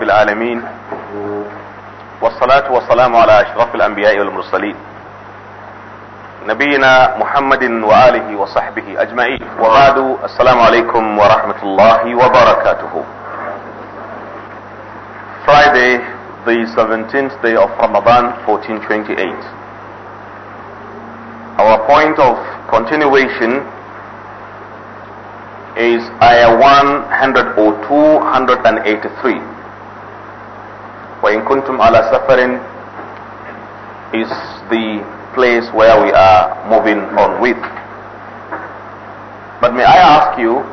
رب العالمين والصلاة والسلام على أشرف الأنبياء والمرسلين نبينا محمد وآله وصحبه أجمعين وبعد السلام عليكم ورحمة الله وبركاته Friday the 17th day of Ramadan 1428 Our point of continuation is ayah 102 183 وإن كنتم على سفر is the place where we are moving on with. But may I ask you,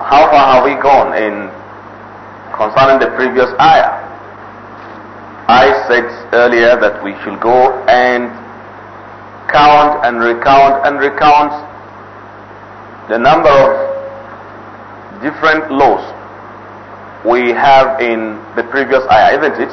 how far have we gone in concerning the previous ayah? I said earlier that we should go and count and recount and recount the number of different laws we have in the previous ayah, isn't it?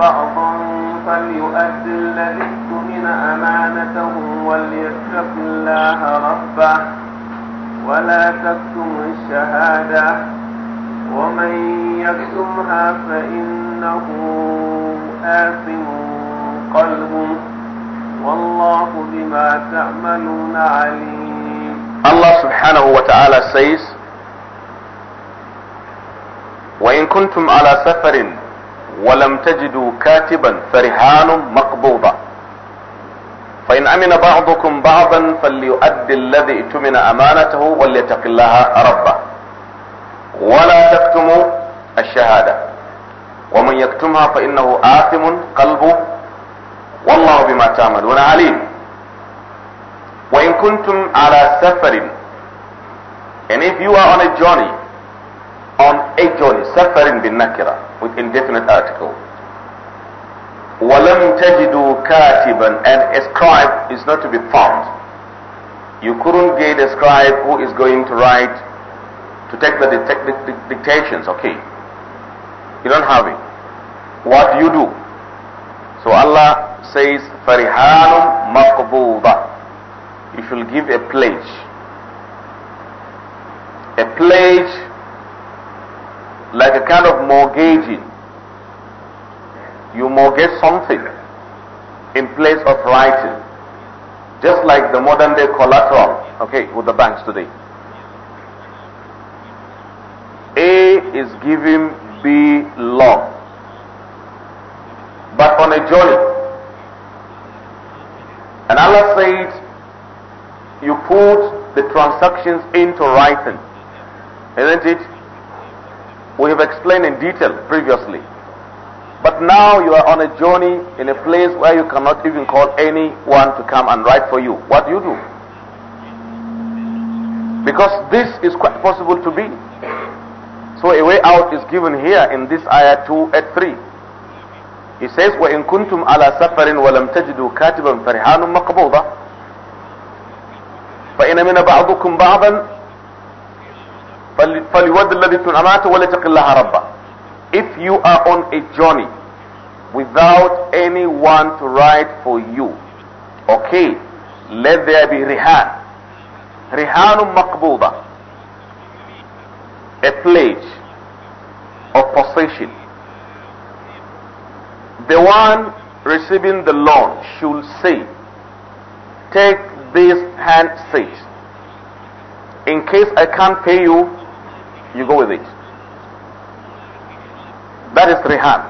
بعضا فليؤد الذي اؤتمن أمانته وليتق الله ربه ولا تكتم الشهادة ومن يكتمها فإنه آثم قلبه والله بما تعملون عليم الله سبحانه وتعالى سيس وإن كنتم على سفر ولم تجدوا كاتبا فرهان مقبوضا فإن أمن بعضكم بعضا فليؤدي الذي اؤتمن أمانته وليتق الله ربه ولا تكتموا الشهادة ومن يكتمها فإنه آثم قلبه والله بما تعملون عليم وإن كنتم على سفر and if you are on a journey on a journey سفر بالنكره with indefinite article. وَلَمْ تَجِدُوا كَاتِبًا And a scribe is not to be found. You couldn't get a scribe who is going to write, to take the dictations, okay. You don't have it. What do you do? So Allah says, فَرِحَانٌ If You shall give a pledge. A pledge like a kind of mortgaging. You mortgage something in place of writing, just like the modern day collateral, okay, with the banks today. A is giving B loan, but on a journey. And Allah said, you put the transactions into writing, isn't it? We have explained in detail previously. But now you are on a journey in a place where you cannot even call anyone to come and write for you. What do you do? Because this is quite possible to be. So a way out is given here in this ayah 2 at 3. He says, وَإِن كُنْتُمْ عَلَى سَفَرٍ وَلَمْ تَجِدُوا كَاتِبًا فَرِحَانٌ مَقْبُوضًا فَإِنَ مِنَ بَعْضُكُمْ بَعْضًا فَلْيُوَدِ الَّذِي تُنْعَمَاتُ اللَّهَ If you are on a journey without anyone to ride for you, okay, let there be rihan. rihan maqbuda. A pledge of possession. The one receiving the loan should say, take this handset. In case I can't pay you, you go with it. That is rehan,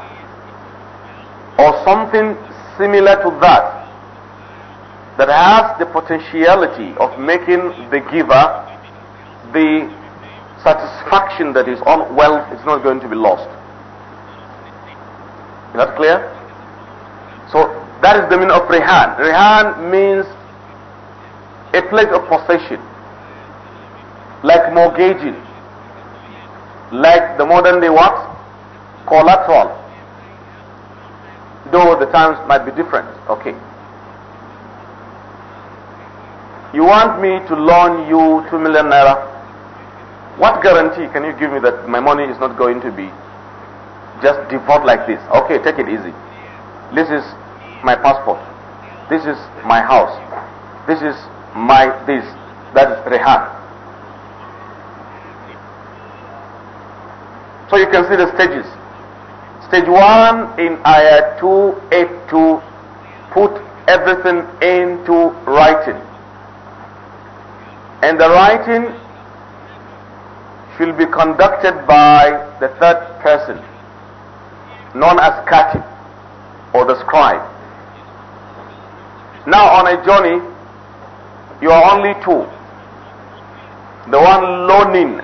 Or something similar to that that has the potentiality of making the giver the satisfaction that his own wealth is not going to be lost. Is that clear? So that is the meaning of rehan. Rehan means a place of possession, like mortgaging like the modern day what? Collateral. Though the times might be different. Okay. You want me to loan you two million naira? What guarantee can you give me that my money is not going to be just default like this? Okay, take it easy. This is my passport. This is my house. This is my this. That is rehan. So you can see the stages. Stage 1 in ayah 282 put everything into writing. And the writing should be conducted by the third person, known as kati or the scribe. Now on a journey, you are only two. The one loaning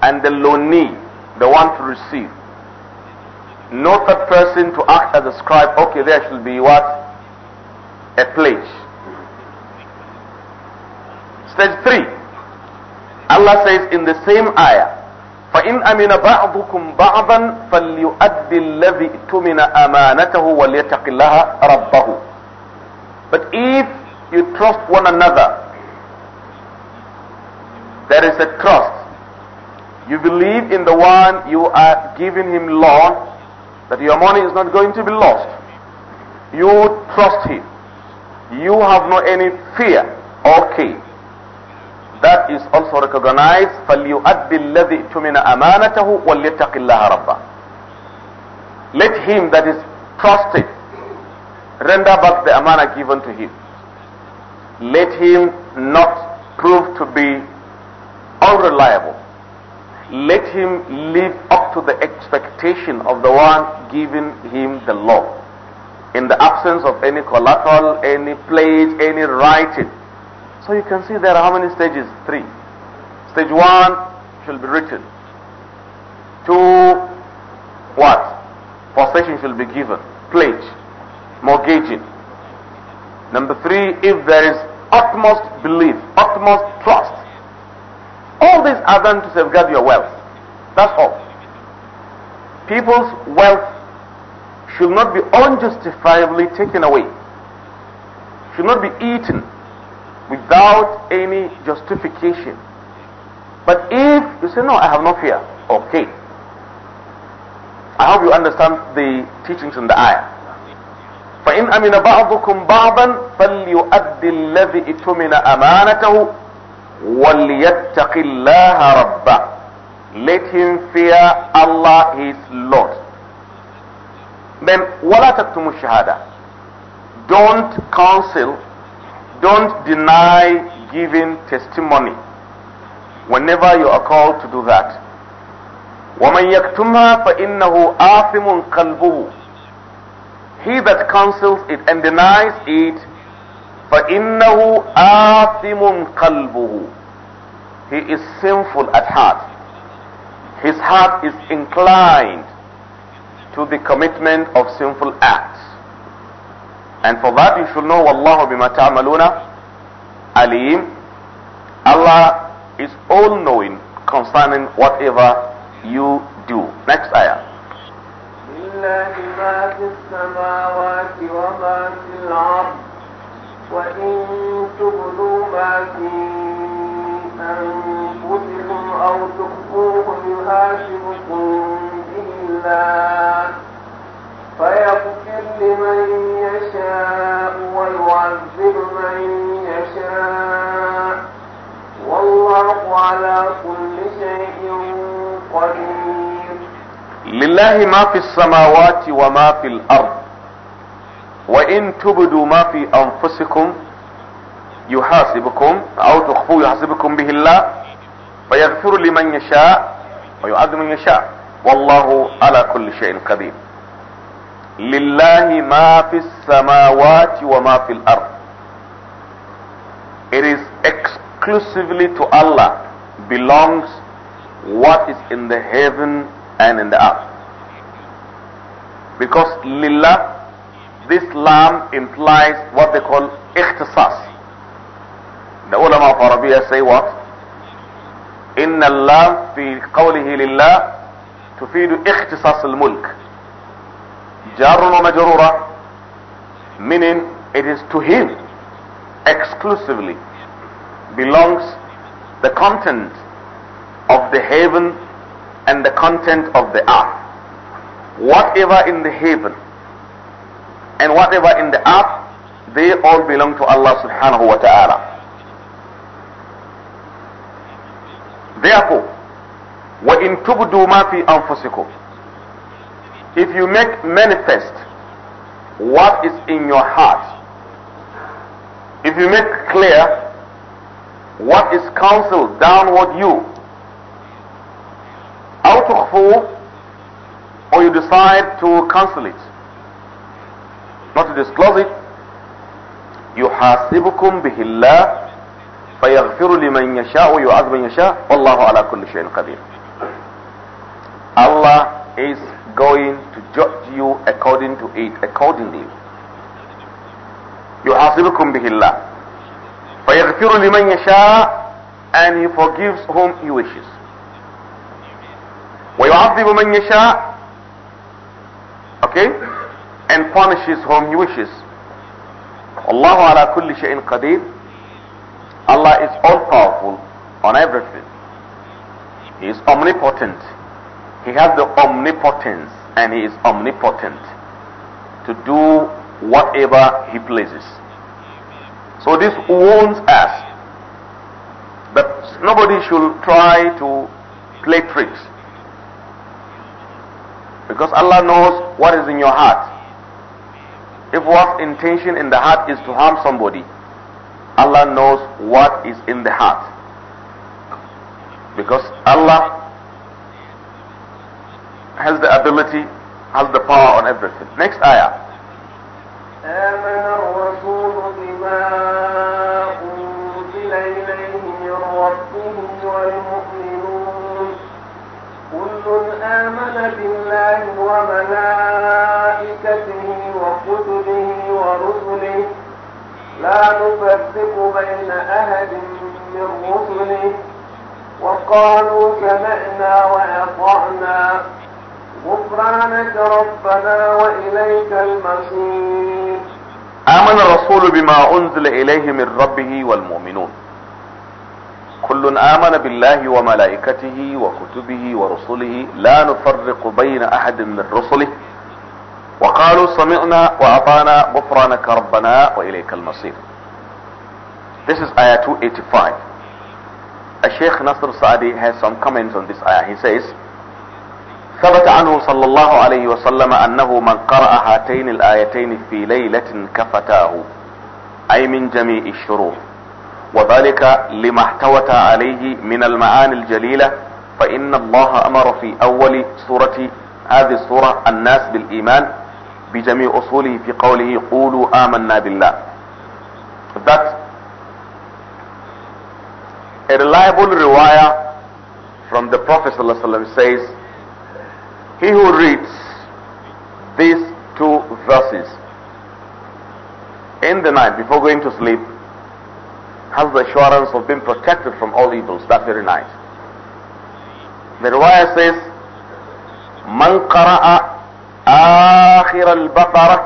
and the loanee the one to receive. No third person to act as a scribe. Okay, there should be what? A pledge. Stage three. Allah says in the same ayah, فإن أمن بعضكم بعضا فليؤدي الذي اؤتمن أمانته وليتق الله ربه. But if you trust one another, there is a trust you believe in the one you are giving him law, that your money is not going to be lost. You trust him. You have no any fear. Okay. That is also recognized. فَلْيُؤَدِّ الَّذِي اؤْتُمِنَ أَمَانَتَهُ وَلْيَتَّقِ اللَّهَ رَبَّهُ Let him that is trusted render back the amana given to him. Let him not prove to be unreliable let him live up to the expectation of the one giving him the law. In the absence of any collateral, any pledge, any writing. So you can see there are how many stages? Three. Stage one shall be written. Two, what? Possession shall be given. Pledge. Mortgaging. Number three, if there is utmost belief, utmost trust, all these are done to safeguard your wealth. That's all. People's wealth should not be unjustifiably taken away, should not be eaten without any justification. But if you say, No, I have no fear, okay. I hope you understand the teachings in the ayah. فإن أمن بعضكم بعضا فليؤدي الذي اؤتمن أمانته وَلْيَتَّقِ اللَّهَ رَبَّهُ Let him fear Allah his Lord. Then, وَلَا تَكْتُمُ الشَّهَادَةِ Don't counsel, don't deny giving testimony whenever you are called to do that. وَمَنْ يَكْتُمْهَا فَإِنَّهُ آثِمٌ قَلْبُهُ He that counsels it and denies it فَإِنَّهُ آثِمٌ قَلْبُهُ He is sinful at heart. His heart is inclined to the commitment of sinful acts. And for that you should know Allah bima ta'maluna alim. Allah is all knowing concerning whatever you do. Next ayah. لله ما في السماوات وما في الأرض وإن تبدوا ما في أنفسكم أو تخفوه يحاسبكم به الله فيغفر لمن يشاء ويعذب من يشاء والله على كل شيء قدير لله ما في السماوات وما في الأرض وإن تبدوا ما في أنفسكم يحاسبكم أو تخفوا يحاسبكم به الله فيغفر لمن يشاء ويعذب من يشاء والله على كل شيء قدير لله ما في السماوات وما في الأرض It is exclusively to Allah belongs what is in the heaven and in the earth. Because لله This lam implies what they call ikhtisas. The ulama of Arabia say what? إن اللام في قوله لله تفيد اختصاص الملك جار ومجرورة meaning it is to him exclusively belongs the content of the heaven and the content of the earth whatever in the heaven and whatever in the earth, they all belong to Allah subhanahu wa ta'ala. Therefore, وَإِن تُبْدُوا مَا فِي أَنفُسِكُمْ If you make manifest what is in your heart, if you make clear what is counseled downward you, out of or you decide to cancel it, not to disclose it يحاسبكم به الله فيغفر لمن يشاء ويعذب من يشاء والله على كل شيء قدير Allah is going to judge you according to it accordingly يحاسبكم به الله فيغفر لمن يشاء and he forgives whom he wishes ويعذب من يشاء and punishes whom he wishes. Allah ala kulli shay'in qadir. Allah is all powerful on everything. He is omnipotent. He has the omnipotence and he is omnipotent to do whatever he pleases. So this warns us that nobody should try to play tricks. Because Allah knows what is in your heart. If one's intention in the heart is to harm somebody, Allah knows what is in the heart. Because Allah has the ability, has the power on everything. Next ayah. لا نفرق بين أحد من رسله وقالوا سمعنا وأطعنا غفرانك ربنا وإليك المصير آمن الرسول بما أنزل إليه من ربه والمؤمنون كل آمن بالله وملائكته وكتبه ورسله لا نفرق بين أحد من رسله وقالوا سمعنا وأطعنا غفرانك ربنا وإليك المصير This is ayah 285. الشيخ نصر سعدي has some comments on this ayah. He says, ثبت عنه صلى الله عليه وسلم أنه من قرأ هاتين الآيتين في ليلة كفتاه أي من جميع الشرور وذلك لما احتوت عليه من المعاني الجليلة فإن الله أمر في أول سورة هذه السورة الناس بالإيمان بجميع أصوله في قوله قولوا آمنا بالله that a reliable riwayah from the Prophet ﷺ says he who reads these two verses in the night before going to sleep has the assurance of being protected from all evils that very night the riwayah says man qara'a آخر البقرة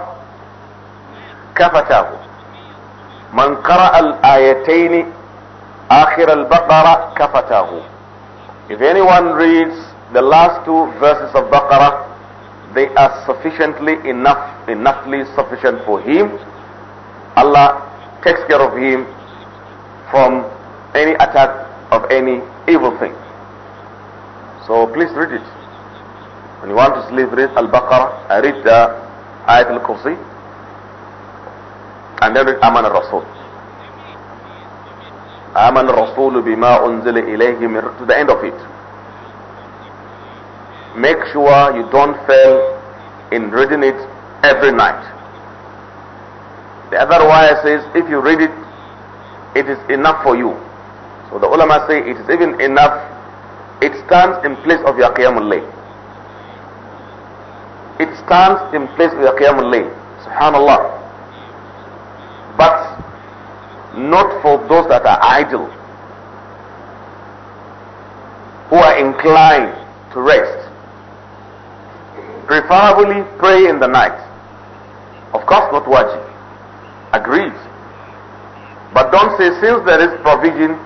كفتاه من قرأ الآيتين آخر البقرة كفتاه If anyone reads the last two verses of Baqarah, they are sufficiently enough, enoughly sufficient for him. Allah takes care of him from any attack of any evil thing. So please read it. When you want to sleep, read Al-Baqarah, I read the Ayat Al-Kursi, and then read Aman Al-Rasul. Aman Al-Rasul bima unzil ilayhi to the end of it. Make sure you don't fail in reading it every night. The other way says if you read it, it is enough for you. So the ulama say it is even enough. It stands in place of your qiyamul layl. It stands in place with the Qiyamul Layl. Subhanallah. But not for those that are idle, who are inclined to rest. Preferably pray in the night. Of course, not wajib. Agreed. But don't say, since there is provision,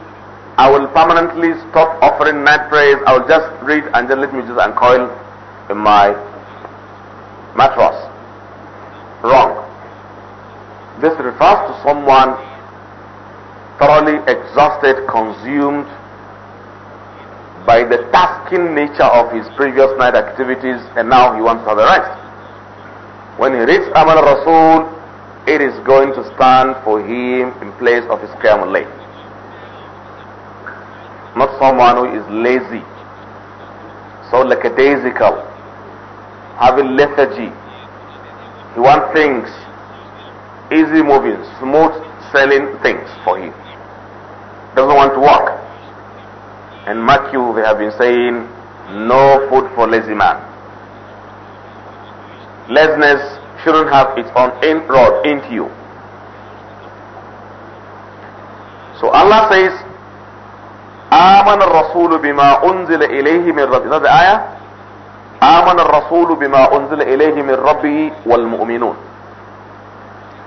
I will permanently stop offering night prayers. I will just read and then let me just uncoil in my matras. Wrong. This refers to someone thoroughly exhausted, consumed by the tasking nature of his previous night activities and now he wants to have a rest. When he reads Amal Rasul, it is going to stand for him in place of his camel leg. Not someone who is lazy, so lackadaisical, having lethargy. He wants things, easy moving, smooth selling things for him. Doesn't want to work. And mark you, they have been saying, no food for lazy man. Laziness shouldn't have its own inroad into you. So Allah says, آمن الرسول بما أنزل إليه من ربه. Is that the ayah? آمن الرسول بما أنزل إليه من ربه والمؤمنون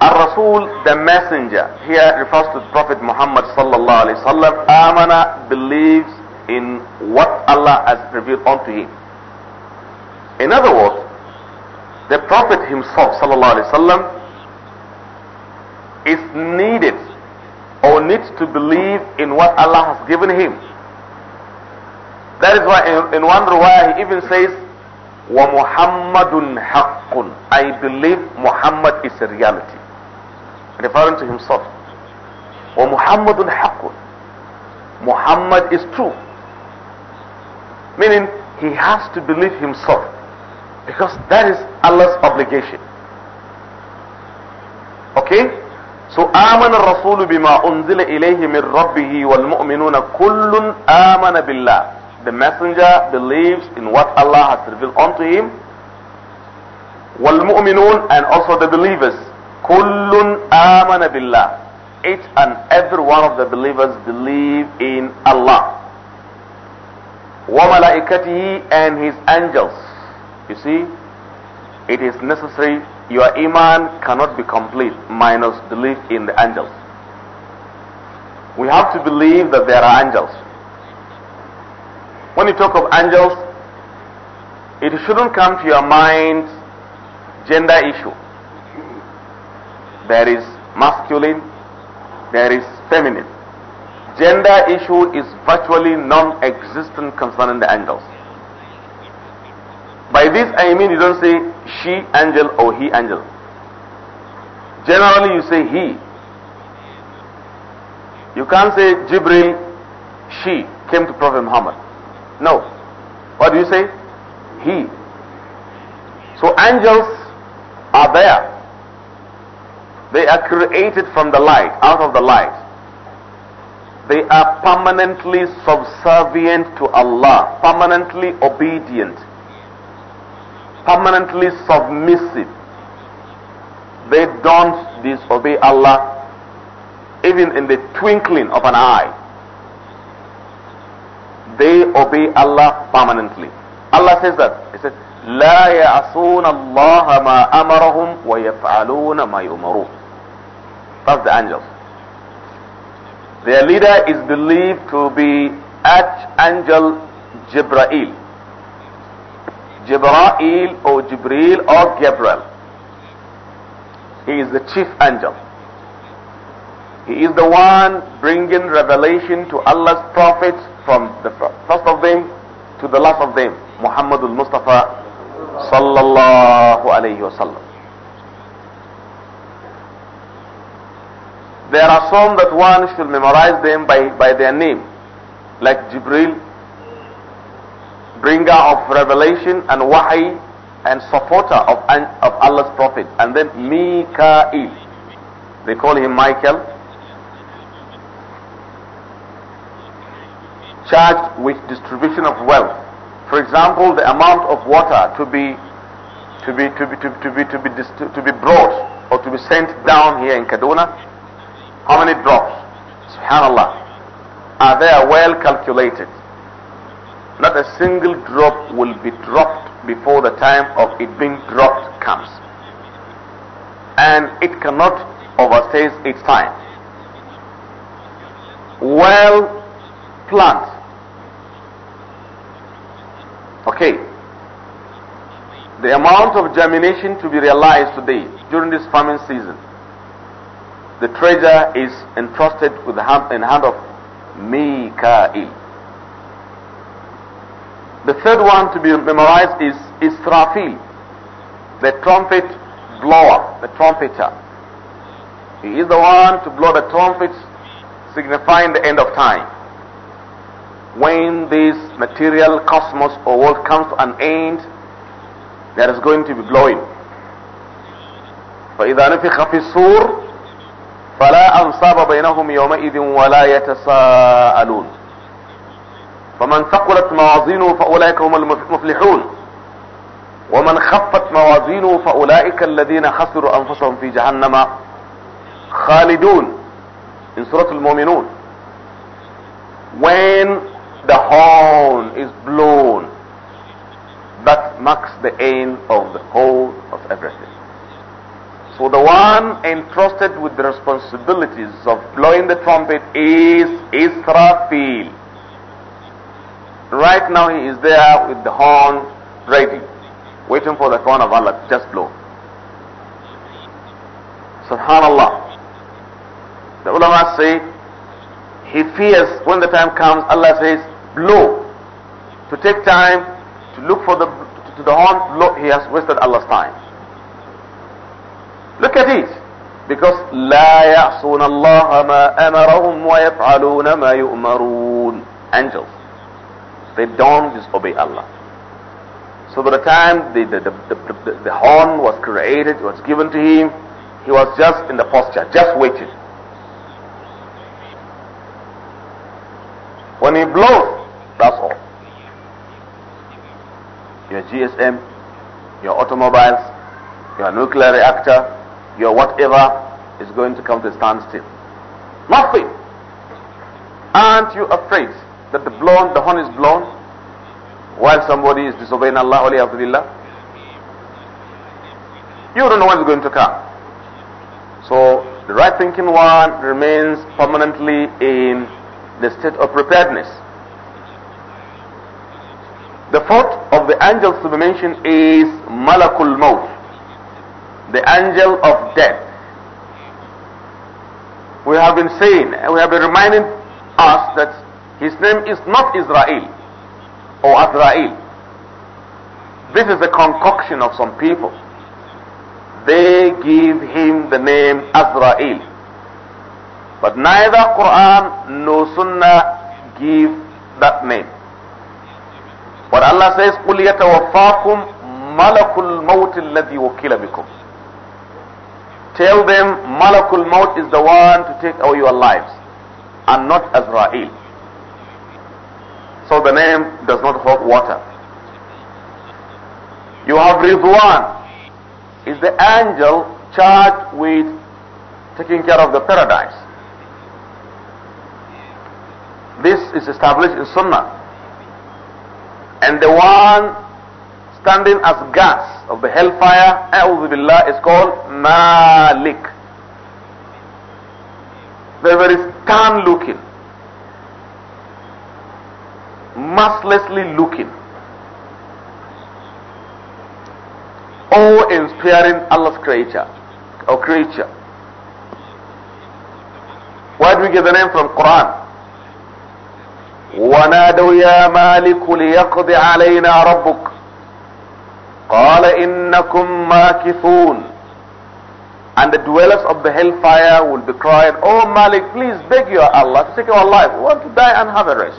الرسول the messenger here refers to Prophet Muhammad صلى الله عليه وسلم آمن believes in what Allah has revealed unto him in other words the Prophet himself صلى الله عليه وسلم is needed or needs to believe in what Allah has given him that is why in, in one way, he even says وَمُحَمَّدٌ حَقٌّ I believe Muhammad is a reality. Referring to himself. وَمُحَمَّدٌ حَقٌّ Muhammad is true. Meaning, he has to believe himself. Because that is Allah's obligation. Okay? So آمن الرسول بما أنزل إليه من ربه والمؤمنون كل آمن بالله the messenger believes in what Allah has revealed unto him. وَالْمُؤْمِنُونَ and also the believers. كُلٌّ آمَنَ بِاللَّهِ Each and every one of the believers believe in Allah. وَمَلَائِكَتِهِ and his angels. You see, it is necessary. Your iman cannot be complete minus belief in the angels. We have to believe that there are angels when you talk of angels, it shouldn't come to your mind gender issue. There is masculine, there is feminine. Gender issue is virtually non-existent concerning the angels. By this I mean you don't say she angel or he angel. Generally you say he. You can't say Jibril, she came to Prophet Muhammad. No. What do you say? He. So angels are there. They are created from the light, out of the light. They are permanently subservient to Allah, permanently obedient, permanently submissive. They don't disobey Allah even in the twinkling of an eye they obey Allah permanently. Allah says that. He says, لا يعصون الله ما أمرهم ويفعلون ما يؤمرون. That's the angels. Their leader is believed to be Archangel Jibrail. Jibrail or Jibril or Gabriel. He is the chief angel. He is the one bringing revelation to Allah's prophets from the first of them to the last of them, Muhammadul Mustafa sallallahu alayhi wasallam. There are some that one should memorize them by, by their name, like Jibril, bringer of revelation and wahi, and supporter of, of Allah's prophet, and then Mikael. They call him Michael, charged with distribution of wealth. For example, the amount of water to be to be to be to, to be to be to be brought or to be sent down here in Kaduna, how many drops? Subhanallah. Are they well calculated? Not a single drop will be dropped before the time of it being dropped comes. And it cannot overstay its time. Well planned Okay. The amount of germination to be realized today during this farming season, the treasure is entrusted with the hand, in the hand of Mikael. The third one to be memorized is Israfil, the trumpet blower, the trumpeter. He is the one to blow the trumpets signifying the end of time. when this material cosmos or world comes to an end, there is going to be blowing. فإذا نفخ في الصور فلا أنصاب بينهم يومئذ ولا يتساءلون فمن ثقلت موازينه فأولئك هم المفلحون ومن خفت موازينه فأولئك الذين خسروا أنفسهم في جهنم خالدون من سورة المؤمنون when the horn is blown. That marks the end of the whole of everything. So the one entrusted with the responsibilities of blowing the trumpet is Israfil. Right now he is there with the horn ready, waiting for the horn of Allah to just blow. Subhanallah. The ulama say he fears when the time comes, Allah says, blow, to take time to look for the to the horn, blow, he has wasted Allah's time. Look at this, Because لا يعصون الله ما أمرهم ويفعلون ما يؤمرون Angels. They don't disobey Allah. So by the time the, the, the, the, horn was created, was given to him, he was just in the posture, just waiting. When he blows, GSM, your automobiles, your nuclear reactor, your whatever is going to come to a standstill. Nothing. Aren't you afraid that the blown, the horn is blown while somebody is disobeying Allah You don't know what's going to come. So the right thinking one remains permanently in the state of preparedness. The fourth of the angels to be mentioned is Malakul Maut, the angel of death. We have been saying, we have been reminding us that his name is not Israel or Azrael. This is a concoction of some people. They give him the name Azrael. But neither Quran nor Sunnah give that name. But Allah says, قُلْ يَتَوَفَّاكُمْ مَلَكُ الْمَوْتِ الَّذِي وَكِّلَ بِكُمْ Tell them, Malakul Maut is the one to take away your lives, and not Azrael. So the name does not hold water. You have Ridwan, is the angel charged with taking care of the paradise. This is established in Sunnah. And the one standing as gas of the hellfire, A'udhu Billah, is called Malik. They're very stern looking, mercilessly looking, all inspiring Allah's creature or creature. Why do we get the name from? Quran. ونادوا يا مالك ليقض علينا ربك قال إنكم ماكثون And the dwellers of the hellfire will be crying, Oh Malik, please beg your Allah to take your life. We want to die and have a rest.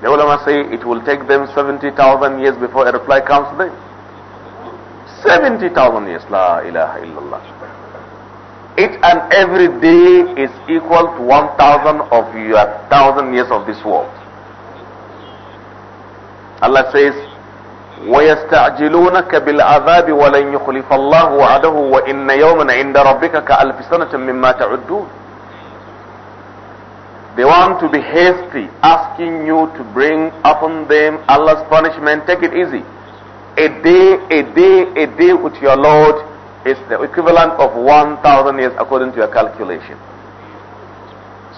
The ulama say it will take them 70,000 years before a reply comes to them. 70,000 years. La ilaha illallah. Each and every day is equal to 1,000 of your 1,000 years of this world. Allah says, ويستعجلونك بالعذاب ولن يخلف الله وعده وإن يوما عند ربك كألف سنة مما تعدون They want to be hasty, asking you to bring upon them Allah's punishment. Take it easy. A day, a day, a day with your Lord it's the equivalent of 1,000 years according to your calculation.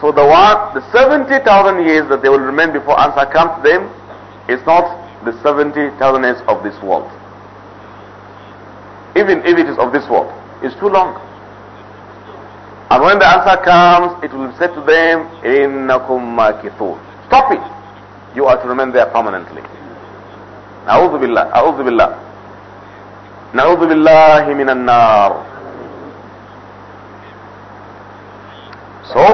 So the one, the 70,000 years that they will remain before answer comes to them is not the 70,000 years of this world. Even if it is of this world, it's too long. And when the answer comes, it will be said to them, إِنَّكُمْ مَاكِثُونَ Stop it! You are to remain there permanently. A'udhu billah, a'udhu billah. Na'udhu billahi minan nar. So,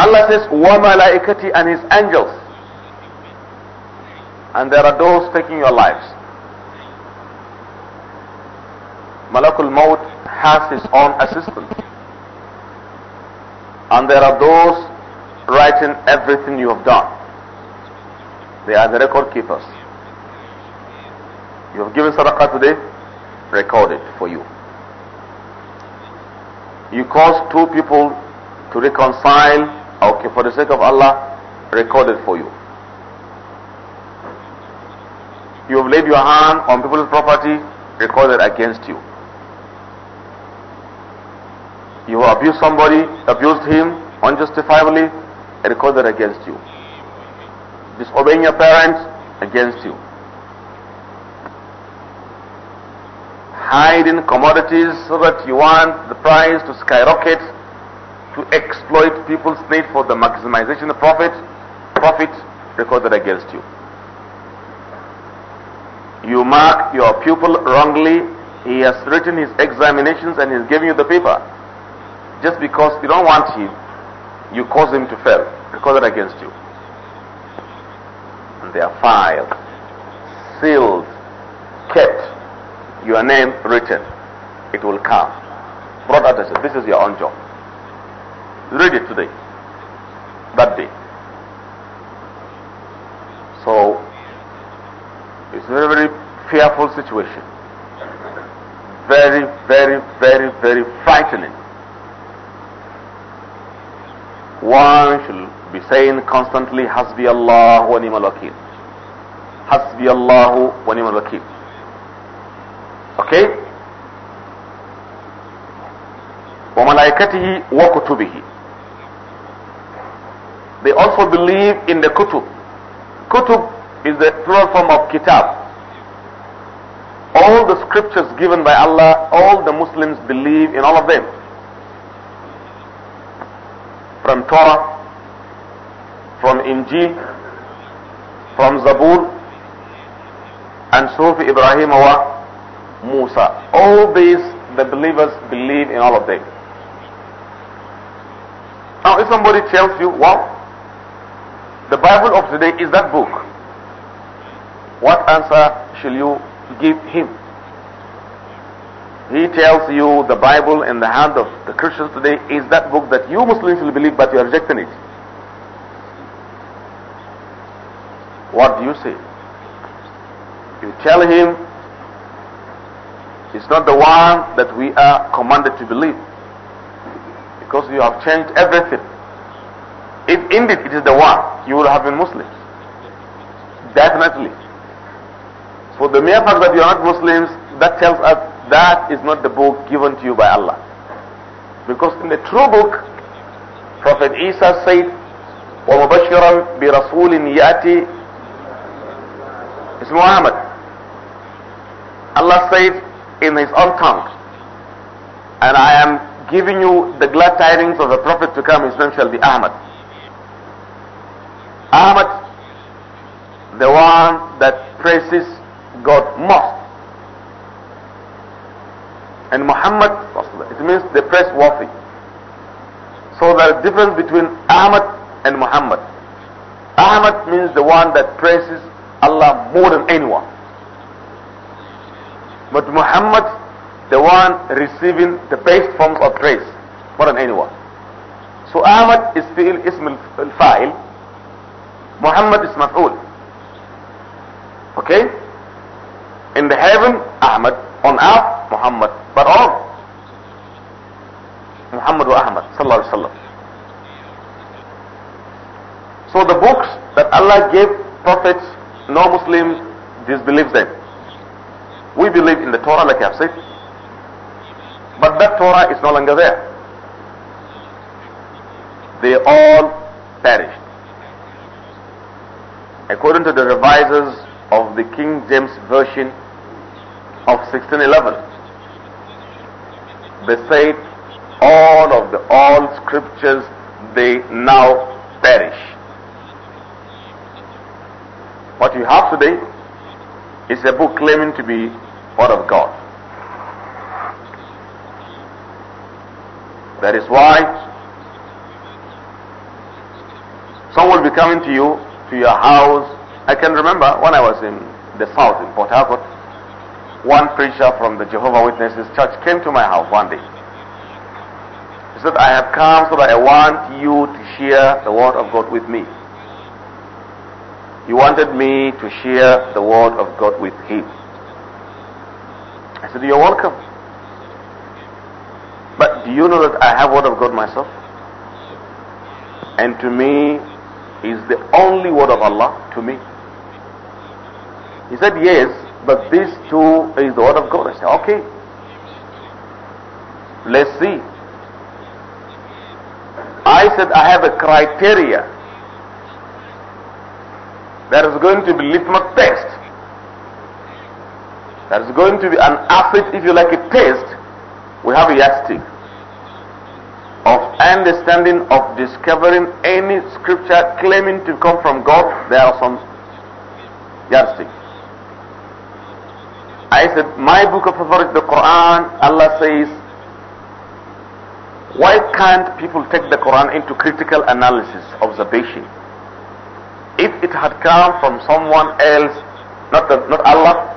Allah says, wa malaikati and his angels. And there are those taking your lives. Malakul Maut has his own assistant. And there are those writing everything you have done. They are the record keepers. You have given sadaqah today, record it for you. You caused two people to reconcile, okay, for the sake of Allah, record it for you. You have laid your hand on people's property, recorded against you. You have abused somebody, abused him unjustifiably, recorded against you. Disobeying your parents, against you hide in commodities so that you want the price to skyrocket to exploit people's need for the maximization of profit, profit recorded against you. You mark your pupil wrongly, he has written his examinations and he's giving you the paper. Just because you don't want him, you cause him to fail, recorded against you. And they are filed, sealed, kept your name written. It will come. Brought out this is your own job. Read it today. That day. So, it's a very, very fearful situation. Very, very, very, very frightening. One should be saying constantly, Hasbi Allah wa ni'mal Hasbi Allah wa ni'mal okay wa malaikatihi wa kutubihi they also believe in the kutub kutub is the plural form of kitab all the scriptures given by Allah all the Muslims believe in all of them from Torah from Injil from Zabur and Sufi Ibrahim wa Musa. All these the believers believe in all of them. Now if somebody tells you, well, the Bible of today is that book, what answer shall you give him? He tells you the Bible in the hand of the Christians today is that book that you Muslims will believe but you are rejecting it. What do you say? You tell him it's not the one that we are commanded to believe. Because you have changed everything. If indeed it is the one, you will have been Muslims, Definitely. For the mere fact that you are not Muslims, that tells us that is not the book given to you by Allah. Because in the true book, Prophet Isa said, وَمُبَشِّرًا بِرَسُولٍ يَأْتِي It's Muhammad. Allah said, in his own tongue. And I am giving you the glad tidings of the Prophet to come, his name shall be Ahmad. Ahmad, the one that praises God most. And Muhammad, it means the worthy. So there is a difference between Ahmad and Muhammad. Ahmad means the one that praises Allah more than anyone. But Muhammad, the one receiving the best forms of grace, more than anyone. So Ahmad is still ism al-fa'il. Muhammad is maf'ul. Okay? In the heaven, Ahmad. On earth, Muhammad. But all Muhammad wa Ahmad sallallahu alaihi wasallam. So the books that Allah gave prophets, no muslims disbelieve them. We believe in the Torah, like I have said, but that Torah is no longer there. They all perished. According to the revisers of the King James Version of 1611, they said all of the old scriptures they now perish. What you have today is a book claiming to be Word of God. That is why someone will be coming to you, to your house. I can remember when I was in the south, in Port Harcourt, one preacher from the Jehovah Witnesses Church came to my house one day. He said, I have come so that I want you to share the word of God with me. He wanted me to share the word of God with him. I said, You're welcome. But do you know that I have word of God myself? And to me is the only word of Allah to me. He said, Yes, but this too is the word of God. I said, Okay. Let's see. I said, I have a criteria there is going to be litmus test. There is going to be an acid, if you like, a test. We have a yardstick of understanding, of discovering any scripture claiming to come from God. There are some yardsticks. I said, my book of favorite, the Quran, Allah says, why can't people take the Quran into critical analysis, observation? it had come from someone else, not, the, not Allah,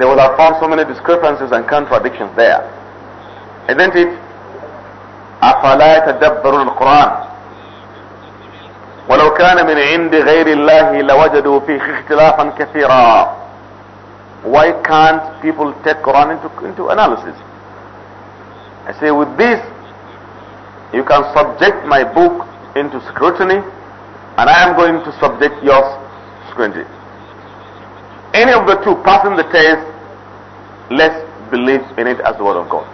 they would have found so many discrepancies and contradictions there. Isn't it? أفلا يتدبرون القرآن ولو كان من عند غير الله لوجدوا فيه اختلافا كثيرا Why can't people take Quran into, into analysis? I say with this you can subject my book into scrutiny and I am going to subject yours to Any of the two passing the test, let's believe in it as the word of God.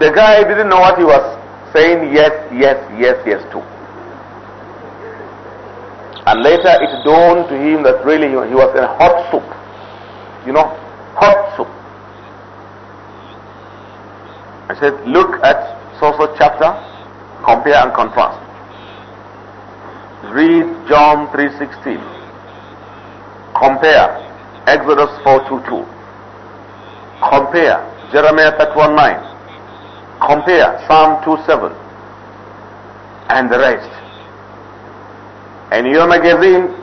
The guy didn't know what he was saying, yes, yes, yes, yes, to. And later it dawned to him that really he was in hot soup. You know, hot soup. I said, look at social chapter Compare and contrast. Read John 3.16. Compare Exodus 4.22. Compare Jeremiah 31.9. Compare Psalm 2.7. And the rest. And your magazine,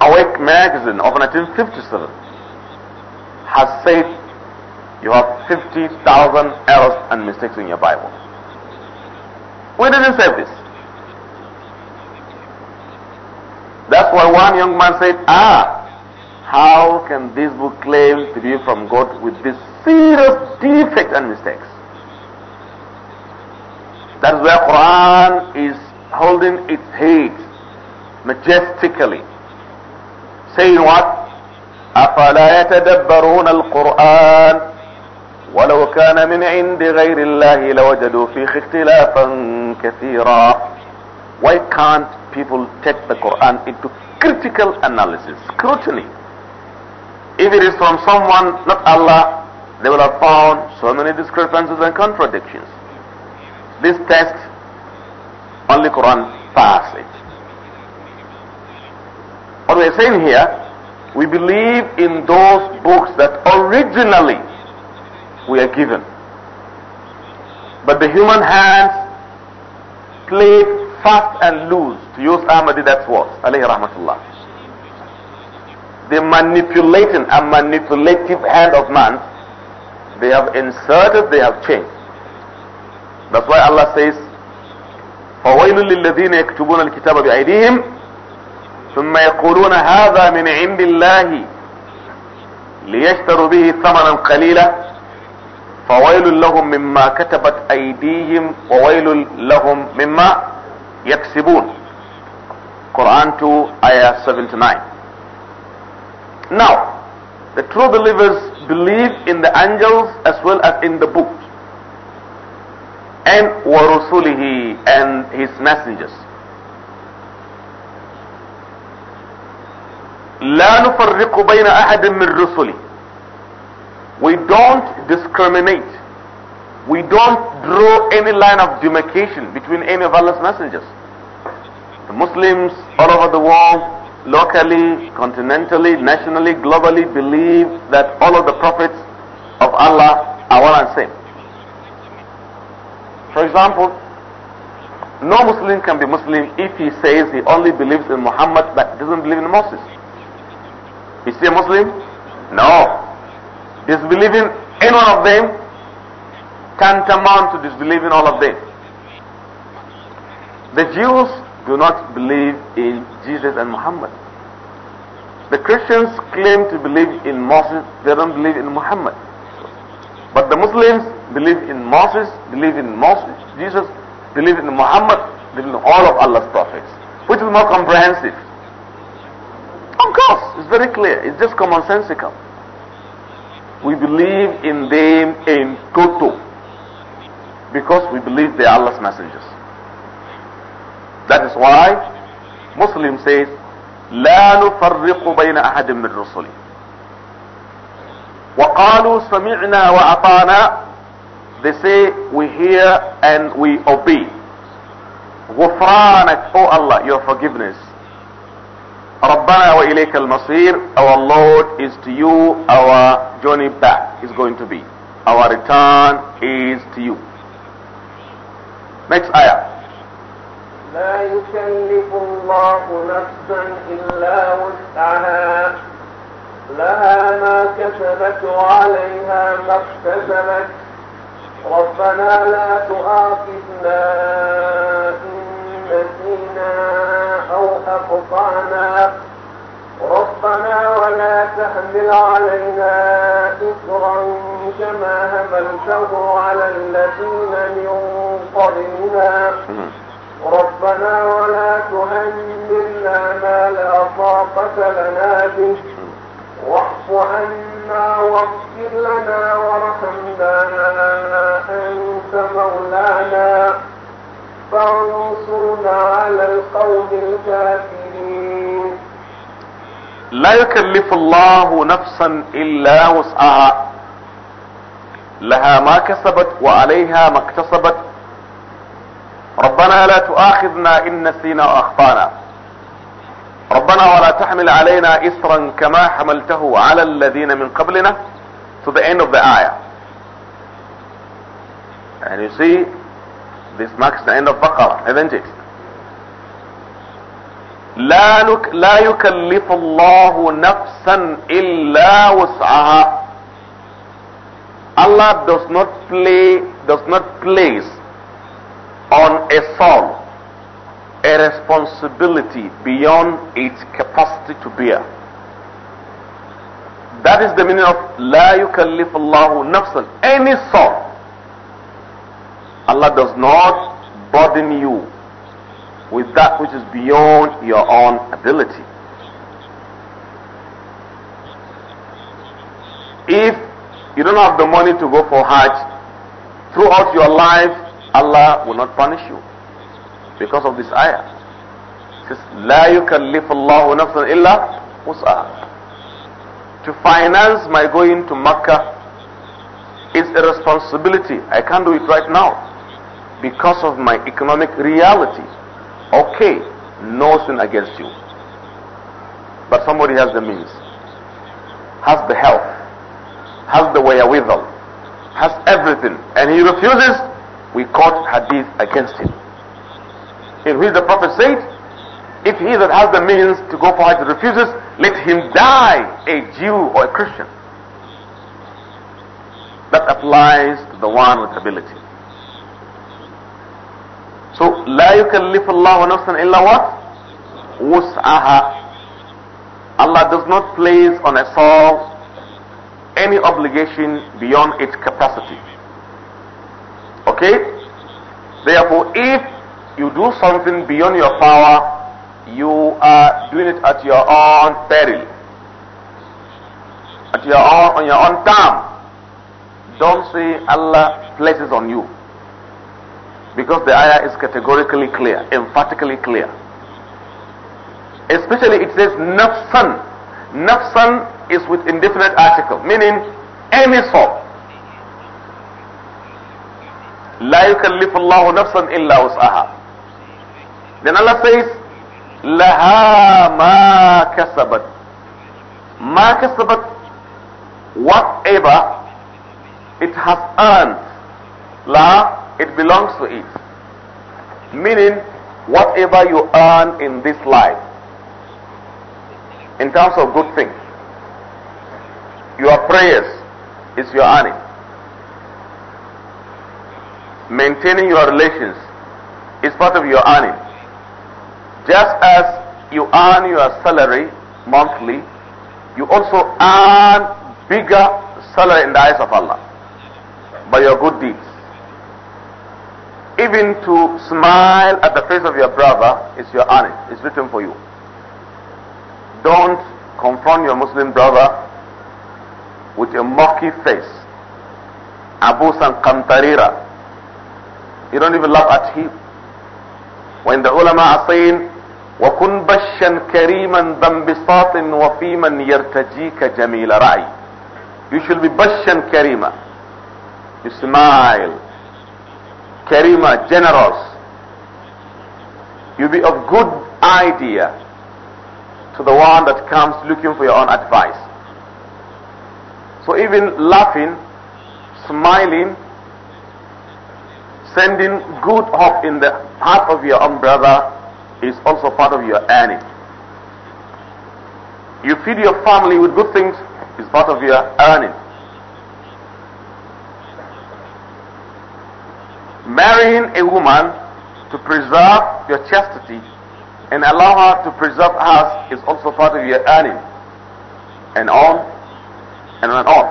Awake Magazine of 1957, has said you have 50,000 errors and mistakes in your Bible. We didn't say this. That's why one young man said, ah, how can this book claim to be from God with this serious defects and mistakes? That is where Quran is holding its head majestically, saying what? أَفَلَا يَتَدَبَّرُونَ الْقُرْآنَ ولو كان من عند غير الله لوجدوا فيه اختلافا كثيرا Why can't people take the Quran into critical analysis, scrutiny? If it is from someone, not Allah, they will have found so many discrepancies and contradictions. This text, only Quran passage. What we are saying here, we believe in those books that originally we are given. But the human hands played fast and loose, to use Ahmadi, that's what, alayhi rahmatullah. The manipulating and manipulative hand of man, they have inserted, they have changed. That's why Allah says, فَوَيْلٌ لِلَّذِينَ يَكْتُبُونَ الْكِتَابَ بِأَيْدِيهِمْ ثُمَّ يَقُولُونَ هَذَا مِنْ عِنْدِ اللَّهِ لِيَشْتَرُوا بِهِ ثَمَنًا قَلِيلًا فويل لهم مما كتبت ايديهم وويل لهم مما يكسبون Quran 2 ayah 79 now the true believers believe in the angels as well as in the book and warusulihi and his messengers لا نفرق بين احد من رسله We don't discriminate. We don't draw any line of demarcation between any of Allah's messengers. The Muslims all over the world, locally, continentally, nationally, globally, believe that all of the prophets of Allah are one and same. For example, no Muslim can be Muslim if he says he only believes in Muhammad but doesn't believe in Moses. Is he a Muslim? No disbelieving any one of them tantamount to disbelieving all of them. The Jews do not believe in Jesus and Muhammad. The Christians claim to believe in Moses, they don't believe in Muhammad. But the Muslims believe in Moses, believe in Moses, Jesus, believe in Muhammad, believe in all of Allah's prophets. Which is more comprehensive? Of course, it's very clear, it's just commonsensical. We believe in them in total because we believe they are Allah's messengers. That is why Muslim says, لا نفرق بين أحد من الرسل." وقالوا سمعنا وأطعنا They say we hear and we obey غفرانك O oh Allah your forgiveness ربنا وإليك المصير our Lord is to you our journey back is going to be our return is to you next ayah لا يكلف الله نفسا إلا وسعها لها ما كسبت وعليها ما اكتسبت ربنا لا تؤاخذنا إن نسينا أو أقطعنا ربنا ولا تحمل علينا إسرا كما هملته على الذين من قبلنا ربنا ولا تهملنا ما لا طاقة لنا به واعف عنا واغفر لنا وارحمنا أنت مولانا فانصرنا على القوم الكافرين لا يكلف الله نفسا إلا وسعها لها ما كسبت وعليها ما اكتسبت ربنا لا تؤاخذنا إن نسينا وأخطانا ربنا ولا تحمل علينا إسرا كما حملته على الذين من قبلنا to the end of the ayah and you see This marks the end of Baqarah, isn't it? لا, نك... لا يكلف الله نفسا إلا وسعها Allah does not play, does not place on a soul a responsibility beyond its capacity to bear. That is the meaning of لا يكلف الله نفسا any soul Allah does not burden you with that which is beyond your own ability. If you don't have the money to go for Hajj, throughout your life, Allah will not punish you because of this ayah. It says, لا To finance my going to Makkah is a responsibility. I can't do it right now because of my economic reality. Okay, no sin against you. But somebody has the means, has the health, has the wherewithal, has everything, and he refuses, we quote hadith against him. In which the Prophet said, if he that has the means to go for Hajj refuses, let him die a Jew or a Christian. That applies to the one with ability. So, لا يكلف الله نفسا إلا what? وسعها Allah does not place on a soul any obligation beyond its capacity. Okay? Therefore, if you do something beyond your power, you are doing it at your own peril. At your own, on your own time. Don't say Allah places on you. Because the ayah is categorically clear, emphatically clear. Especially it says nafsan. Nafsan is with indefinite article, meaning any soul. لا يكلف الله نفسا إلا وسعها Then Allah says لها ما كسبت ما كسبت whatever it has earned لها it belongs to it. Meaning, whatever you earn in this life, in terms of good things, your prayers is your earning. Maintaining your relations is part of your earning. Just as you earn your salary monthly, you also earn bigger salary in the eyes of Allah by your good deeds. Even to smile at the face of your brother is your honor. It's written for you. Don't confront your Muslim brother with a mocking face. Abu Kantarira. You don't even laugh at him. When the ulama are saying, وَكُنْ بَشًّا كَرِيمًا بَنْبِسَاطٍ وَفِيمًا يَرْتَجِيكَ جَمِيلَ رَأِي You should be بَشًّا كَرِيمًا You smile Karima, generous. You be of good idea to the one that comes looking for your own advice. So even laughing, smiling, sending good hope in the heart of your own brother is also part of your earning. You feed your family with good things is part of your earning. marrying a woman to preserve your chastity and allow her to preserve us is also part of your earning. And on and on and on.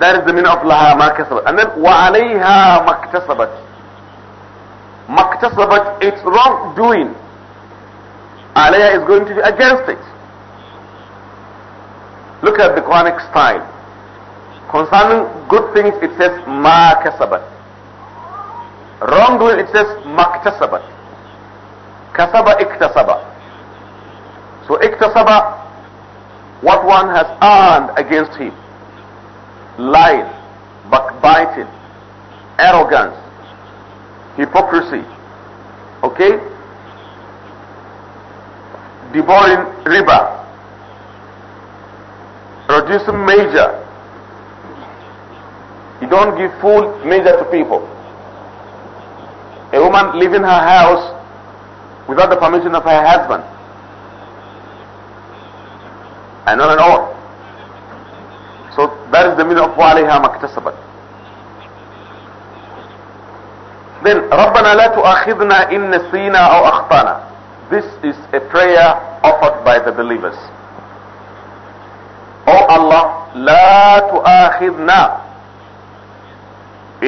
That is the meaning of laha maktasabat. And then wa alayha maktasabat. Maktasabat, it's wrongdoing. Alayha is going to be against it. Look at the Quranic style. Concerning good things, it says ma Wrongdoing it says maktasabat. Kasaba iktasaba. So iktasaba, what one has earned against him. Lying, backbiting, arrogance, hypocrisy. Okay? Devouring riba. Reducing major. You don't give full major to people. A woman leaving her house without the permission of her husband. And on and on. So that is the meaning of وَعَلَيْهَا مَكْتَسَبَتْ Then, Rabbana لَا تُؤَخِذْنَا in nasina aw أَخْطَانَا This is a prayer offered by the believers. O oh Allah, tu تُؤَخِذْنَا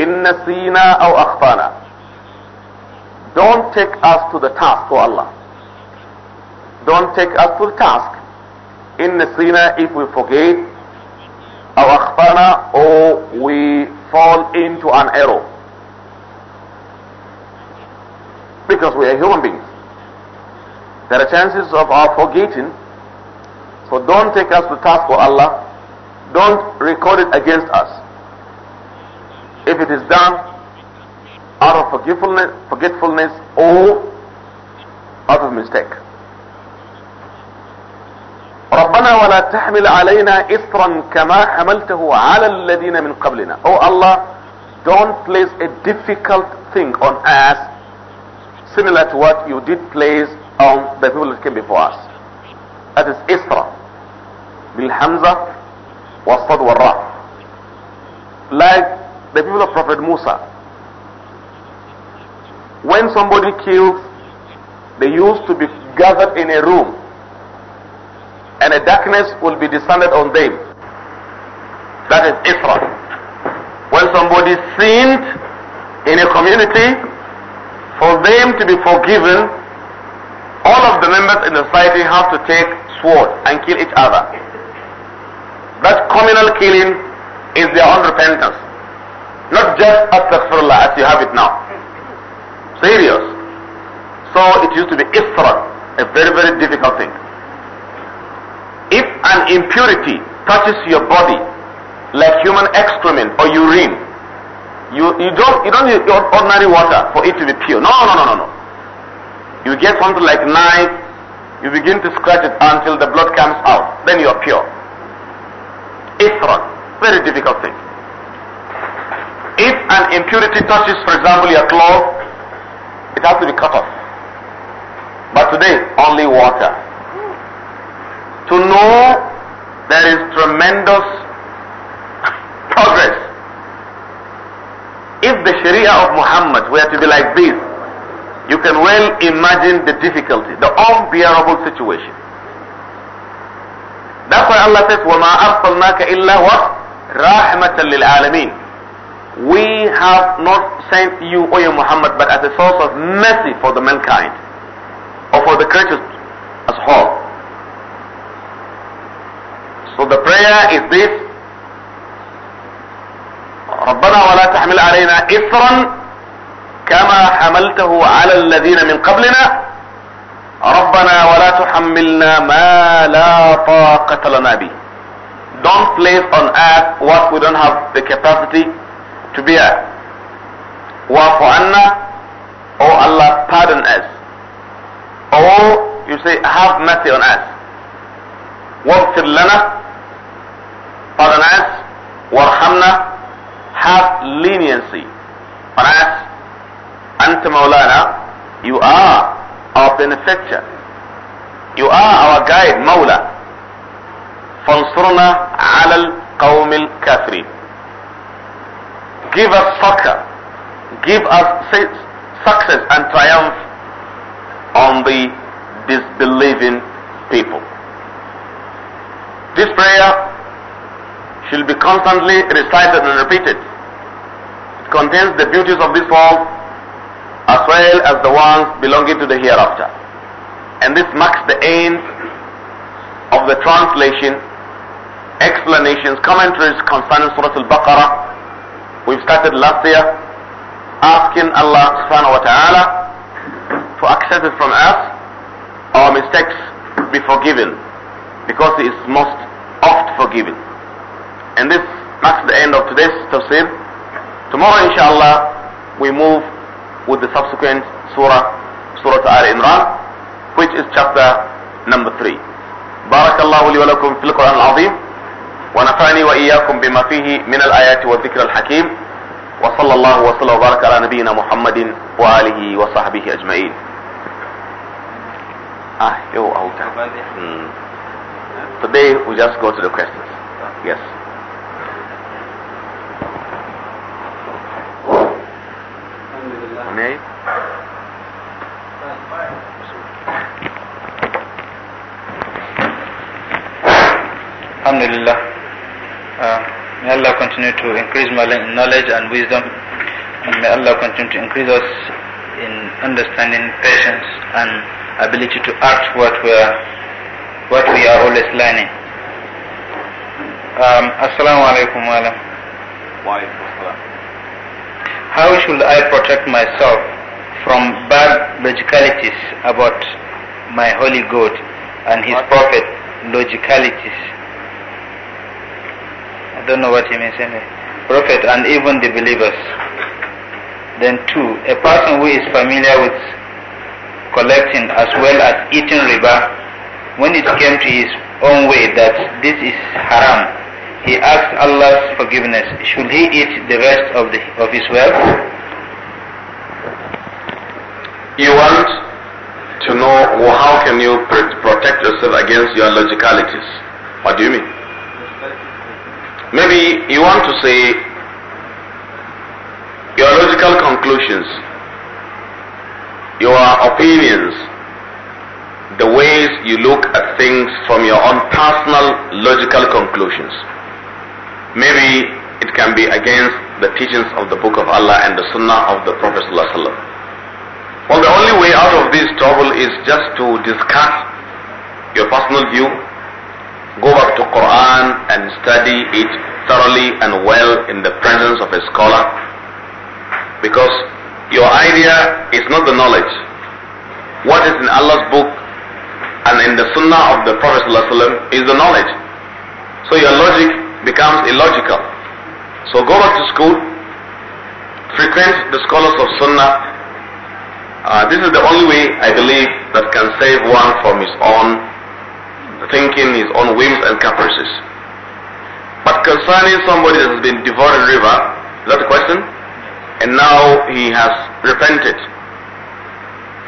in nasina aw أَخْطَانَا don't take us to the task for Allah. Don't take us to the task. In the sinner, if we forget, our akhbana, or we fall into an error. Because we are human beings. There are chances of our forgetting. So don't take us to task for Allah. Don't record it against us. If it is done, out of forgetfulness, forgetfulness or out of mistake. ربنا ولا تحمل علينا إصرا كما حملته على الذين من قبلنا. Oh Allah, don't place a difficult thing on us similar to what you did place on the people that came before us. That is Isra. Bilhamza was wa Like the people of Prophet Musa, when somebody kills, they used to be gathered in a room, and a darkness will be descended on them. That is Isra. When somebody sinned in a community, for them to be forgiven, all of the members in the society have to take sword and kill each other. That communal killing is their own repentance. Not just astaghfirullah as you have it now serious. So it used to be isra, a very, very difficult thing. If an impurity touches your body, like human excrement or urine, you, you don't you don't use ordinary water for it to be pure. No, no, no, no, no. You get something like knife, you begin to scratch it until the blood comes out. Then you are pure. Ithran, very difficult thing. If an impurity touches, for example, your cloth, it has to be cut off. But today, only water. To know there is tremendous progress. If the Sharia of Muhammad were to be like this, you can well imagine the difficulty, the unbearable situation. That's why Allah says, وَمَا أَرْسَلْنَاكَ إِلَّا وَرْحْمَةً لِلْعَالَمِينَ we have not sent you, O you Muhammad, but as a source of mercy for the mankind, or for the creatures as whole. So the prayer is this, ربنا ولا تحمل علينا إثرا كما حملته على الذين من قبلنا ربنا ولا تحملنا ما لا طاقة لنا به Don't place on earth what we don't have the capacity to be a wa for anna, oh Allah, pardon us. Or you say, have mercy on us. Waqfir lana, pardon us. Warhamna, have leniency on us. Anta Maulana, you are our benefactor. You are our guide, Maula. فانصرنا على القوم الكافرين Give us Give us success and triumph on the disbelieving people. This prayer should be constantly recited and repeated. It contains the beauties of this world as well as the ones belonging to the hereafter. And this marks the end of the translation, explanations, commentaries concerning Surah Al-Baqarah We've started last year asking Allah subhanahu wa ta'ala to accept it from us our mistakes be forgiven because he is most oft forgiven. And this marks the end of today's tafsir. Tomorrow inshallah we move with the subsequent surah, Surah Al-Imran, which is chapter number 3. بارك الله لي ولكم في القرآن العظيم ونفعني وإياكم بما فيه من الآيات والذكر الحكيم وصلى الله وسلم وبارك على نبينا محمد وآله وصحبه أجمعين Ah, you okay. Hmm. Today we just go to the questions. Yes. May I? Alhamdulillah. Uh, may Allah continue to increase my knowledge and wisdom. And may Allah continue to increase us in understanding, patience, and ability to act what we are, what we are always learning. Um, Assalamu alaikum wa How should I protect myself from bad logicalities about my holy God and his prophet logicalities? don't know what he means anyway. Prophet and even the believers. Then two, a person who is familiar with collecting as well as eating riba, when it came to his own way that this is haram, he asked Allah's forgiveness. Should he eat the rest of, the, of his wealth? You want to know well, how can you protect yourself against your logicalities? What do you mean? Maybe you want to say your logical conclusions, your opinions, the ways you look at things from your own personal logical conclusions. Maybe it can be against the teachings of the Book of Allah and the Sunnah of the Prophet ﷺ. Well, the only way out of this trouble is just to discuss your personal view go back to Quran and study it thoroughly and well in the presence of a scholar because your idea is not the knowledge what is in Allah's book and in the sunnah of the Prophet ﷺ is the knowledge so your logic becomes illogical so go back to school frequent the scholars of sunnah uh, this is the only way I believe that can save one from his own thinking his own whims and caprices. But concerning somebody that has been devoured in river, is that the question? And now he has repented.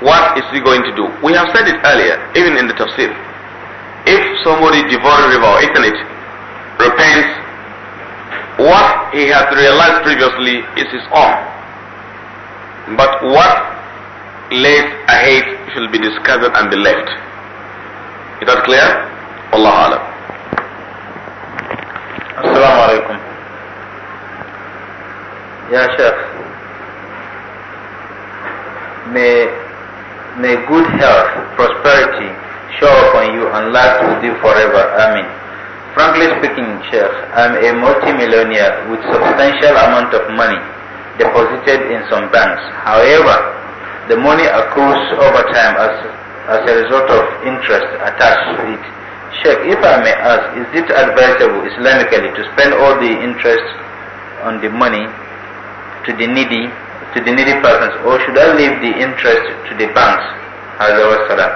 What is he going to do? We have said it earlier, even in the tafsir. If somebody devoured river or eaten it, repents, what he has realized previously is his own. But what lays ahead shall be discovered and be left. Is that clear? Allah Alam. Assalamu alaikum. Ya Sheikh, may, may good health, prosperity show upon you and last with you forever. Amen. Frankly speaking, Sheikh, I'm a multimillionaire with substantial amount of money deposited in some banks. However, the money accrues over time as as a result of interest attached to it. Sheikh, if I may ask, is it advisable Islamically to spend all the interest on the money to the needy, to the needy persons, or should I leave the interest to the banks? Hazawassalam.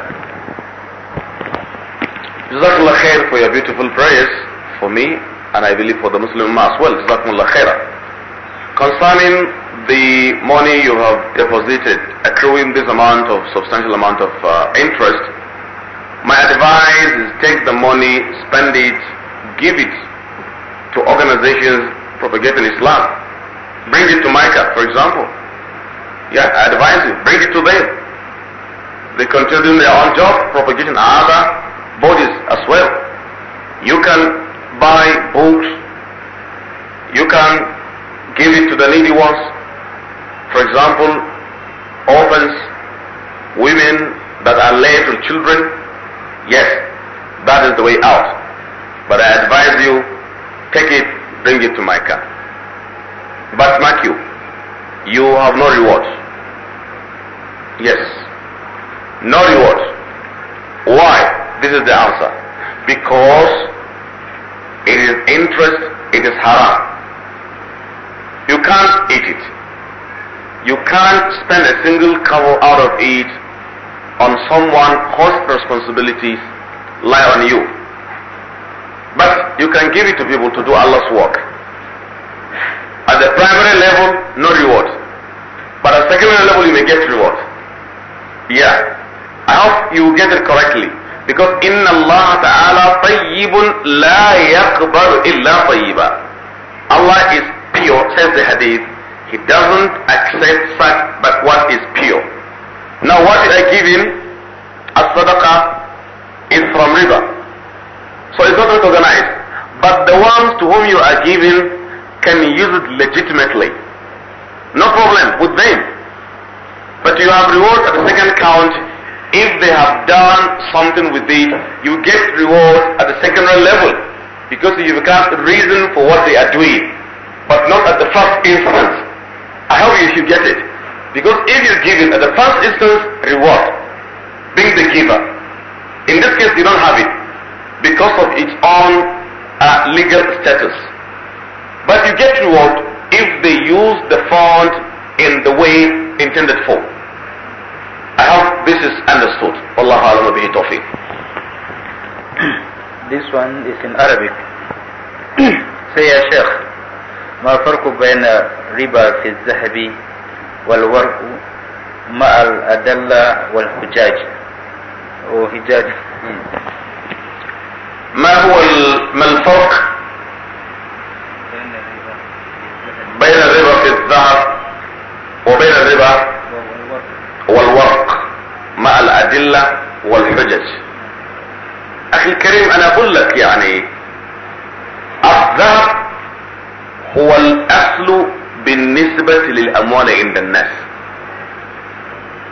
Jazakallah khair for your beautiful prayers for me and I believe for the Muslim as well. Jazakumullah khairah. Concerning the money you have deposited accruing this amount of substantial amount of uh, interest, my advice is take the money, spend it, give it to organizations propagating Islam. Bring it to Micah, for example. Yeah, I advise you, bring it to them. They continue doing their own job, propagating other bodies as well. You can buy books, you can give it to the needy ones, for example, orphans, women that are left with children, yes, that is the way out. But I advise you, take it, bring it to my car. But mark you, you have no reward. Yes, no reward. Why? This is the answer. Because it is interest, it is haram. You can't eat it. You can't spend a single cover out of it on someone whose responsibilities lie on you. But you can give it to people to do Allah's work. At the primary level, no reward. But at secondary level, you may get reward. Yeah. I hope you get it correctly. Because إن Allah Taala طيب la يقبل illa طيبا. Allah is pure, says the hadith. He doesn't accept such but what is pure. Now what did I give him? A sadaqah is from river, So it's not recognized. But the ones to whom you are giving can use it legitimately. No problem with them. But you have reward at the second count if they have done something with it, you get reward at the secondary level because you got the reason for what they are doing, but not at the first instance. I hope you should get it. Because if you give it, at the first instance, reward. Being the giver. In this case, you don't have it. Because of its own uh, legal status. But you get reward if they use the fund in the way intended for. I hope this is understood. Wallahu alam tawfiq. This one is in Arabic. Say ya Sheikh, ما الفرق بين الربا في الذهب والورق مع الأدلة والحجاج وحجاج ما هو ما الفرق بين الربا في الذهب وبين الربا والورق مع الأدلة والحجج أخي الكريم أنا أقول لك يعني الذهب هو الأصل بالنسبة للأموال عند الناس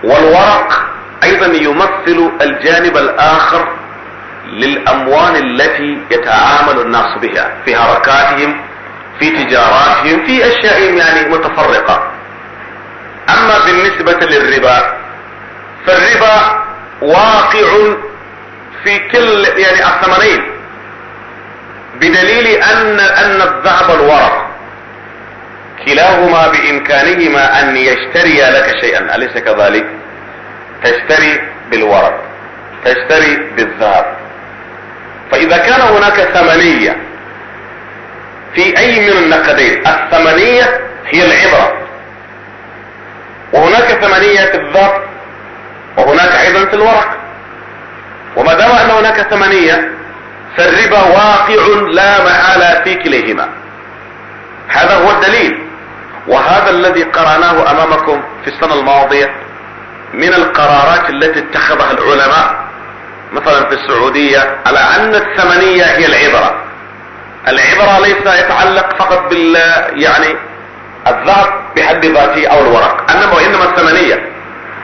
والورق أيضا يمثل الجانب الآخر للأموال التي يتعامل الناس بها في حركاتهم في تجاراتهم في أشياء يعني متفرقة أما بالنسبة للربا فالربا واقع في كل يعني الثمنين بدليل أن أن الذهب الورق كلاهما بإمكانهما أن يشتريا لك شيئا أليس كذلك تشتري بالورق تشتري بالذهب فإذا كان هناك ثمنية في أي من النقدين الثمنية هي العبرة وهناك ثمنية في الذهب وهناك أيضا في الورق وما دام أن هناك ثمنية فالربا واقع لا محالة في كليهما هذا هو الدليل وهذا الذي قرأناه أمامكم في السنة الماضية من القرارات التي اتخذها العلماء مثلا في السعودية على أن الثمنية هي العبرة العبرة ليس يتعلق فقط بال يعني الذهب بحد ذاته أو الورق أنما وإنما الثمنية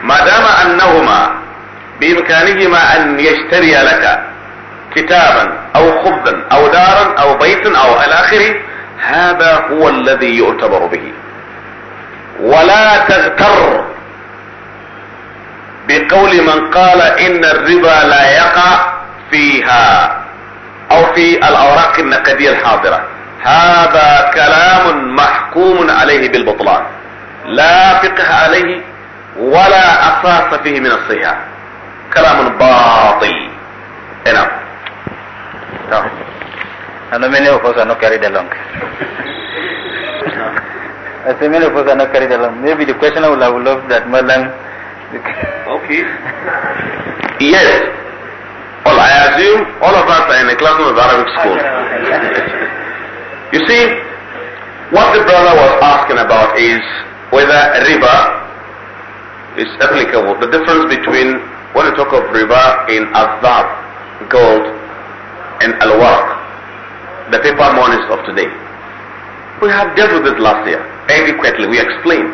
ما دام أنهما بإمكانهما أن يشتري لك كتابا أو خبزا أو دارا أو بيتا أو إلى آخره هذا هو الذي يعتبر به ولا تذكر بقول من قال ان الربا لا يقع فيها او في الاوراق النقديه الحاضره هذا كلام محكوم عليه بالبطلان لا فقه عليه ولا اساس فيه من الصحه كلام باطل إيه نعم انا من me niego cosas, I say many of us are not carried along. Maybe the questioner will have loved that Malam. Okay. yes. Well, I assume all of us are in a classroom of Arabic school. you see, what the brother was asking about is whether riba is applicable. The difference between when we talk of riba in azab, gold, and al the paper monies of today. We have dealt with this last year adequately. We explained.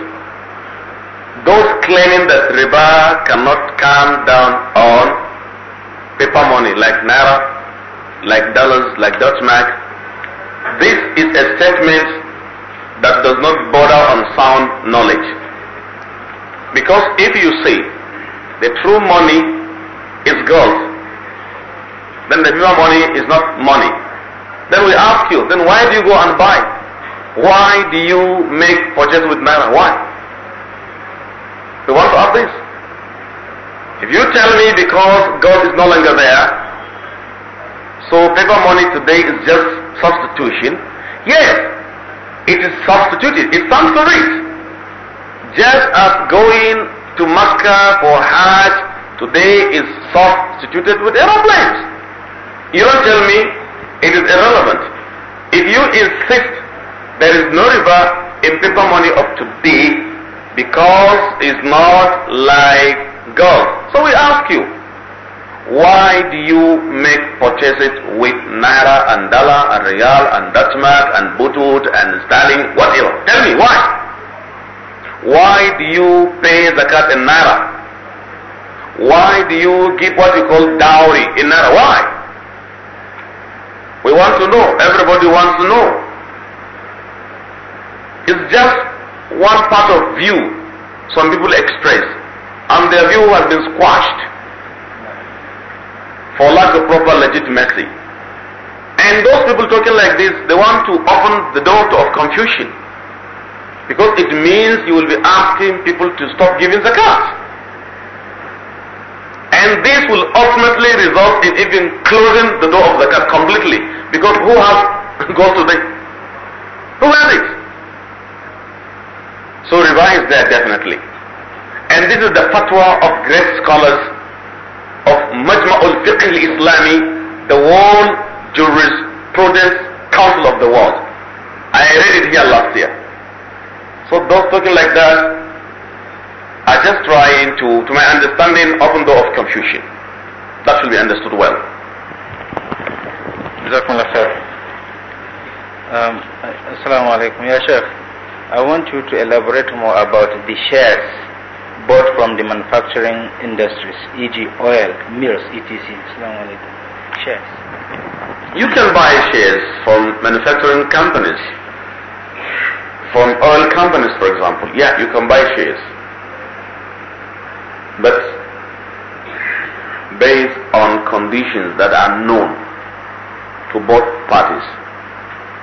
Those claiming that riba cannot come down on paper money like naira, like dollars, like Dutch mark, this is a statement that does not border on sound knowledge. Because if you say the true money is gold, then the pure money is not money. Then we ask you, then why do you go and buy? Why do you make purchase with money? Why? You want to ask this? If you tell me because God is no longer there, so paper money today is just substitution, yes, it is substituted. It stands to it. Just as going to Mecca for Hajj today is substituted with aeroplanes. You don't tell me it is irrelevant. If you insist there is no river in paper money of today because it's not like gold. So we ask you, why do you make purchases with naira and dollar and real and Dutchmark and butut and sterling, whatever? Tell me why. Why do you pay zakat in naira? Why do you give what you call dowry in naira? Why? We want to know. Everybody wants to know. It's just one part of view some people express, and their view has been squashed for lack of proper legitimacy. And those people talking like this, they want to open the door to, confusion. Because it means you will be asking people to stop giving zakat. And this will ultimately result in even closing the door of zakat completely. Because who has goes to the who has it? So revise that definitely. And this is the fatwa of great scholars of Majma'ul Fiqh al-Islami, the world jurisprudence council of the world. I read it here last year. So those talking like that are just trying to, to my understanding, open door of confusion. That should be understood well. جزاكم الله خير I want you to elaborate more about the shares bought from the manufacturing industries, e.g. oil, mills, etc. Shares. You can buy shares from manufacturing companies, from oil companies, for example. Yeah, you can buy shares. But based on conditions that are known to both parties.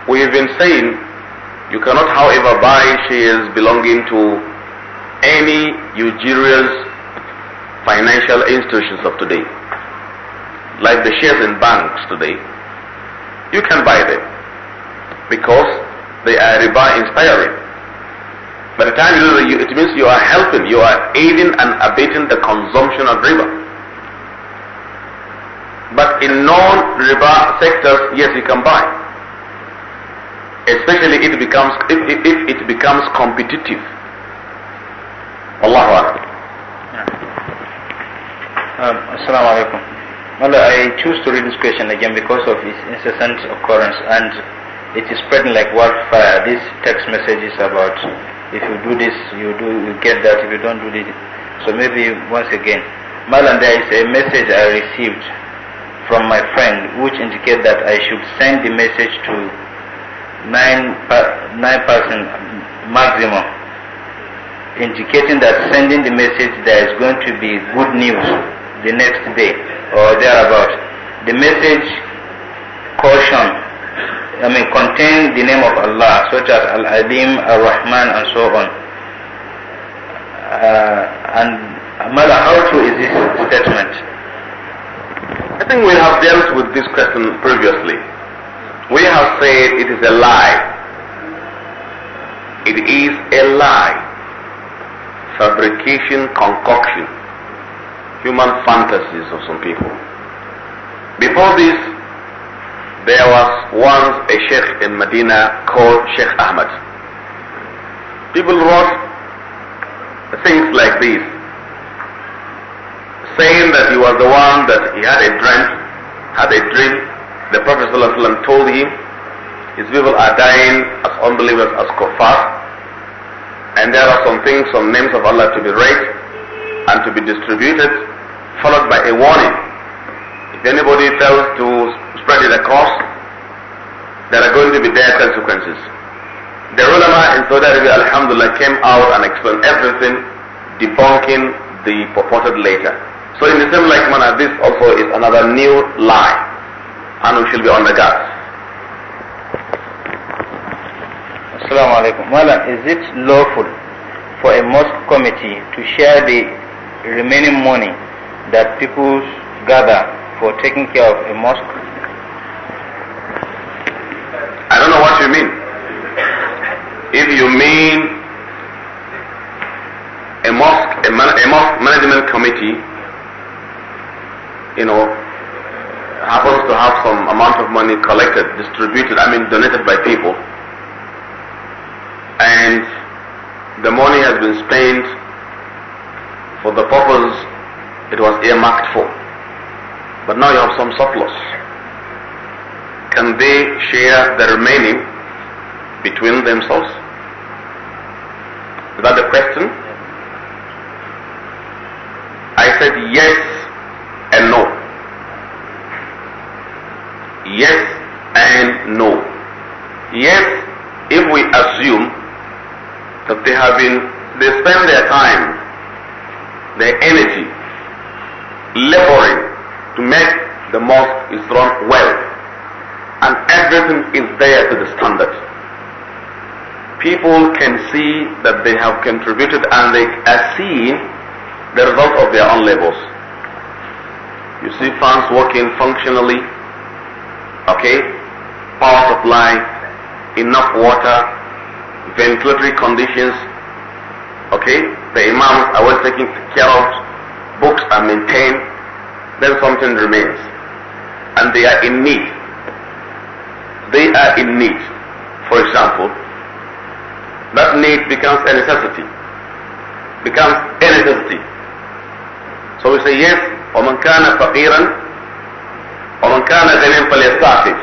We've been saying you cannot, however, buy shares belonging to any usurious financial institutions of today. Like the shares in banks today, you can buy them because they are riba inspiring. By the time you do it, it means you are helping, you are aiding and abating the consumption of riba. But in non-riba sectors, yes, you can buy especially it becomes if, if, if it becomes competitive. Allahu Akbar. Um, Assalamu alaikum. Well, I choose to read this question again because of its incessant occurrence and it is spreading like wildfire. These text messages about if you do this, you do you get that. If you don't do this, so maybe once again, Malam, there is a message I received from my friend which indicates that I should send the message to nine nine percent maximum, indicating that sending the message there is going to be good news the next day or thereabout. The message caution I mean, contain the name of Allah, such as Al-Adim, Al-Rahman, and so on. Uh, and Mala, how true is this statement? I think we have dealt with this question previously. We have said it is a lie. It is a lie. Fabrication, concoction, human fantasies of some people. Before this, there was once a sheikh in Medina called Sheikh Ahmad. People wrote things like this, saying that he was the one that he had a dream, had a dream the Prophet ﷺ told him, his people are dying as unbelievers, as kuffar. And there are some things, some names of Allah to be read and to be distributed, followed by a warning. If anybody fails to spread it across, there are going to be dire consequences. The ulama in Saudi Arabia, alhamdulillah, came out and explained everything, debunking the purported later. So in the same like manner, this also is another new lie and we shall be on the guard. Assalamu alaikum. Madam, is it lawful for a mosque committee to share the remaining money that people gather for taking care of a mosque? I don't know what you mean. If you mean a mosque, a, man, a mosque management committee, you know, happens to have some amount of money collected, distributed, I mean donated by people, and the money has been spent for the purpose it was earmarked for. But now you have some surplus. Can they share the remaining between themselves? Is that the question? I said yes and no. Yes and no. Yes, if we assume that they have been, they spend their time, their energy, laboring to make the mosque is run well, and everything is there to the standard. People can see that they have contributed and they are seeing the result of their own labors. You see fans working functionally, okay, power supply, enough water, ventilatory conditions, okay, the imams are well taken care of, books are maintained, then something remains. And they are in need. They are in need. For example, that need becomes a necessity. Becomes a necessity. So we say yes, وَمَنْ كَانَ فَقِيرًا ومن كان غنيا فليستعفف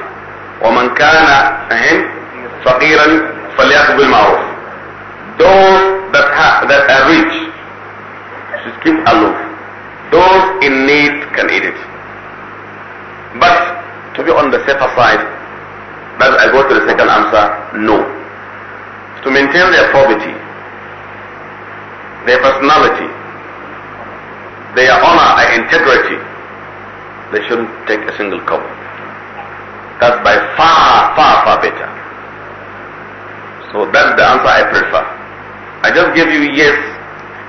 ومن كان فهم فقيرا فليأخذ بالمعروف those that have, that are rich should keep aloof those in need can eat it but to be on the safer side but I go to the second answer no to maintain their poverty their personality their honor and integrity they shouldn't take a single cup. That's by far, far, far better. So that's the answer I prefer. I just give you yes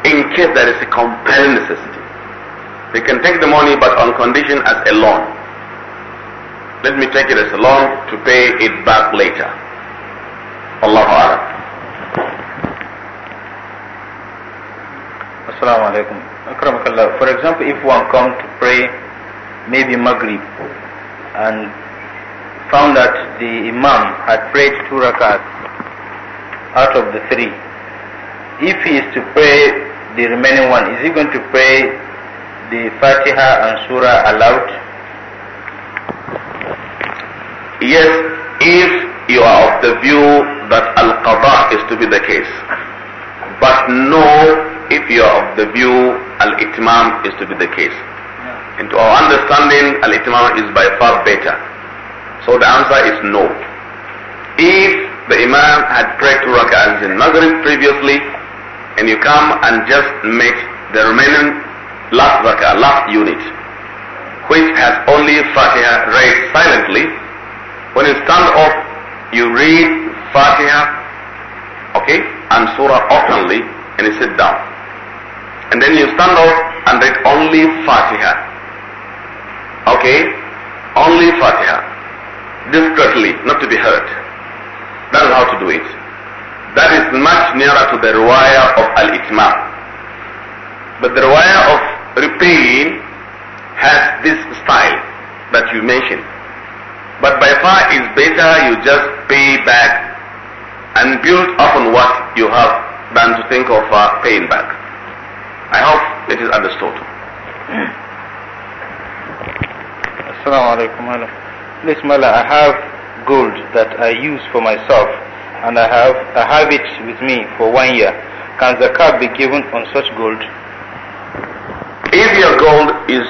in case there is a compelling necessity. They can take the money but on condition as a loan. Let me take it as a loan to pay it back later. Allahu Akbar. Assalamu alaikum. For example, if one comes to pray maybe Maghrib, and found that the Imam had prayed two rakats out of the three. If he is to pray the remaining one, is he going to pray the Fatiha and Surah aloud? Yes, if you are of the view that Al-Qadha is to be the case. But no, if you are of the view Al-Itmam is to be the case. And to our understanding, al-itimama is by far better. So the answer is no. If the imam had prayed two rak'ahs in Maghrib previously, and you come and just make the remaining last rak'ah, last unit, which has only Fatiha read silently, when you stand up, you read Fatiha, okay, and Surah openly, and you sit down. And then you stand up and read only Fatiha Okay? Only Fatiha. Discreetly, not to be heard. That is how to do it. That is much nearer to the riwayah of Al-Itmam. But the riwayah of repaying has this style that you mentioned. But by far it's better you just pay back and build upon what you have done to think of uh, paying back. I hope it is understood. Assalamu alaikum. Mala, I have gold that I use for myself and I have, I have it with me for one year. Can zakat be given on such gold? If your gold is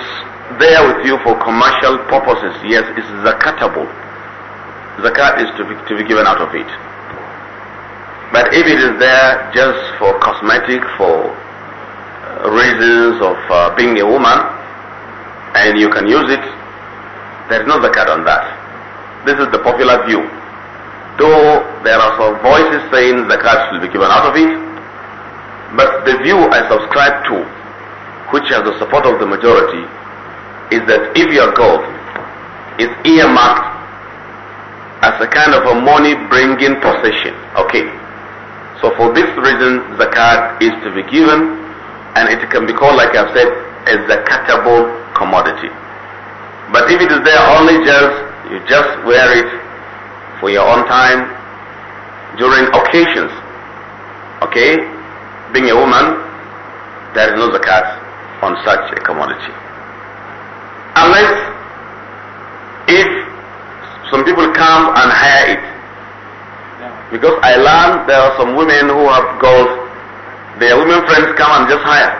there with you for commercial purposes, yes, it's zakatable. Zakat is to be, to be given out of it. But if it is there just for cosmetic, for uh, reasons of uh, being a woman, and you can use it there is no zakat on that. This is the popular view. Though there are some voices saying zakat should be given out of it, but the view I subscribe to, which has the support of the majority, is that if your gold is earmarked as a kind of a money bringing possession, okay, so for this reason, zakat is to be given, and it can be called, like I've said, a zakatable commodity. But if it is there only just, you just wear it for your own time during occasions. Okay? Being a woman, there is no zakat on such a commodity. Unless if some people come and hire it. Because I learned there are some women who have girls. Their women friends come and just hire.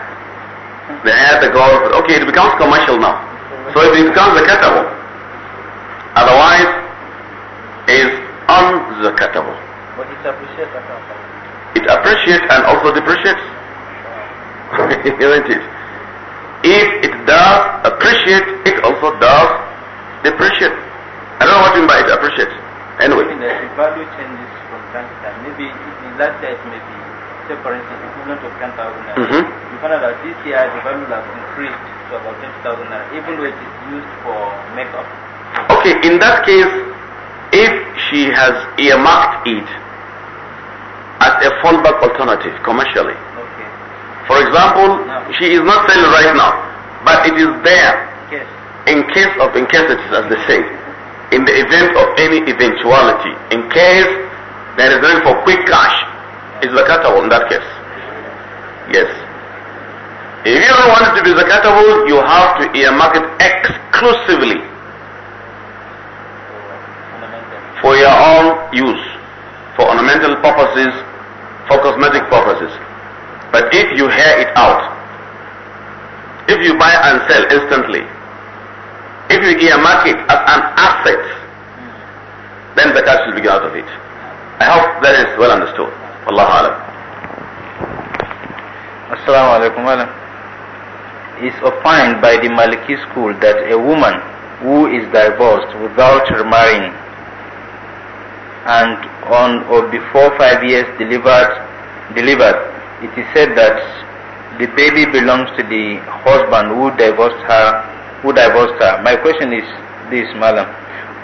They hire the gold. Okay, it becomes commercial now. So it becomes zakatable. Otherwise, is unzakatable. But it appreciates It appreciates and also depreciates. Isn't it? If it does appreciate, it also does depreciate. I don't know what you mean by it appreciates. Anyway. the value changes from time to time. Maybe in that case, maybe say, for instance, equivalent of 10,000 naira, mm-hmm. you find out that this year the value has increased to about 20,000 naira, even though it is used for makeup. Okay, in that case, if she has earmarked it as a fallback alternative commercially, okay. for example, no. she is not selling right now, but it is there yes. in case of in case it is as they say, in the event of any eventuality, in case there is need for quick cash, is zakatable in that case. Yes. If you don't want it to be zakatable, you have to earmark it exclusively for your own use, for ornamental purposes, for cosmetic purposes. But if you hair it out, if you buy and sell instantly, if you earmark it as an asset, then the cash will be out of it. I hope that is well understood. والله أعلم السلام عليكم أهلا is opined by the Maliki school that a woman who is divorced without remarrying and on or before five years delivered delivered it is said that the baby belongs to the husband who divorced her who divorced her my question is this madam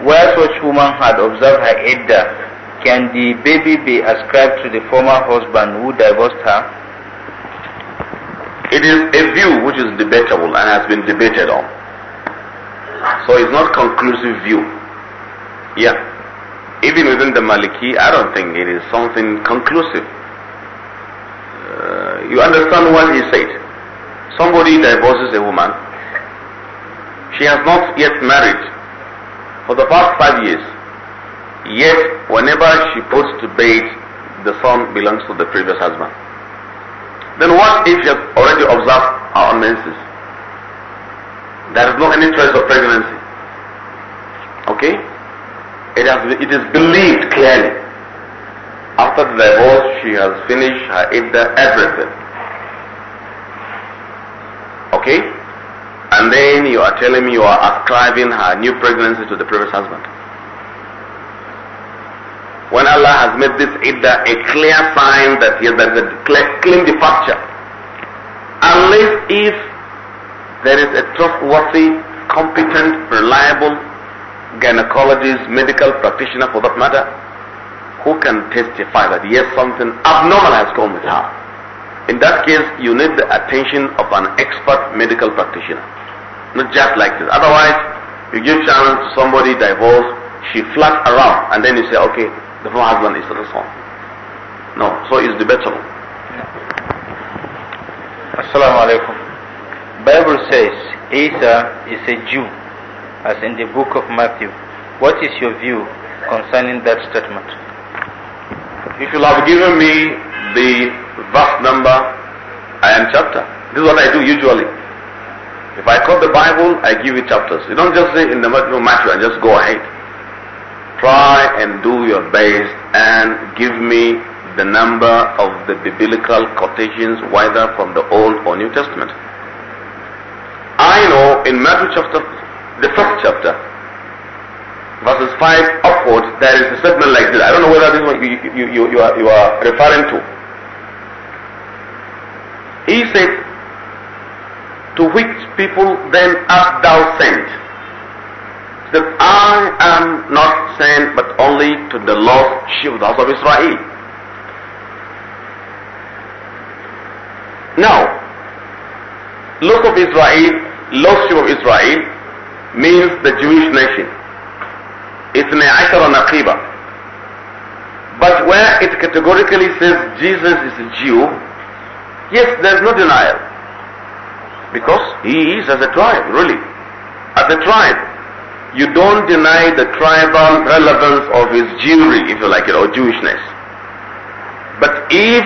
where such woman had observed her iddah can the baby be ascribed to the former husband who divorced her? It is a view which is debatable and has been debated on. So it's not conclusive view. Yeah. Even within the Maliki, I don't think it is something conclusive. Uh, you understand what he said. Somebody divorces a woman. She has not yet married for the past five years. Yet, whenever she puts to bed, the son belongs to the previous husband. Then what if she has already observed our menses? There is no any trace of pregnancy. Okay? It, has, it is believed clearly. After the divorce, she has finished her idda, everything. Okay? And then you are telling me you are ascribing her new pregnancy to the previous husband. When Allah has made this iddah a clear sign that he has a clean departure. Unless if there is a trustworthy, competent, reliable gynecologist, medical practitioner for that matter, who can testify that yes, something abnormal has come with her. In that case, you need the attention of an expert medical practitioner. Not just like this. Otherwise, you give chance to somebody divorced, she flats around, and then you say, okay, the first husband is the son. No, so is the better one. Assalamu alaikum. Bible says Isa is a Jew, as in the book of Matthew. What is your view concerning that statement? If you have given me the verse number and chapter, this is what I do usually. If I quote the Bible, I give you chapters. You don't just say in the Matthew and just go ahead. Try and do your best and give me the number of the biblical quotations, whether from the Old or New Testament. I know in Matthew chapter, the first chapter, verses 5 upwards, there is a statement like this. I don't know whether this one you, you, you, you, are, you are referring to. He said, To which people then art thou sent? that I am not sent but only to the lost sheep of the house of Israel. Now, lost of Israel, lost sheep of Israel means the Jewish nation. It's Ashara Naqiba. But where it categorically says Jesus is a Jew, yes, there's no denial. Because he is as a tribe, really. As a tribe, you don't deny the tribal relevance of his Jewry, if you like it, or Jewishness. But if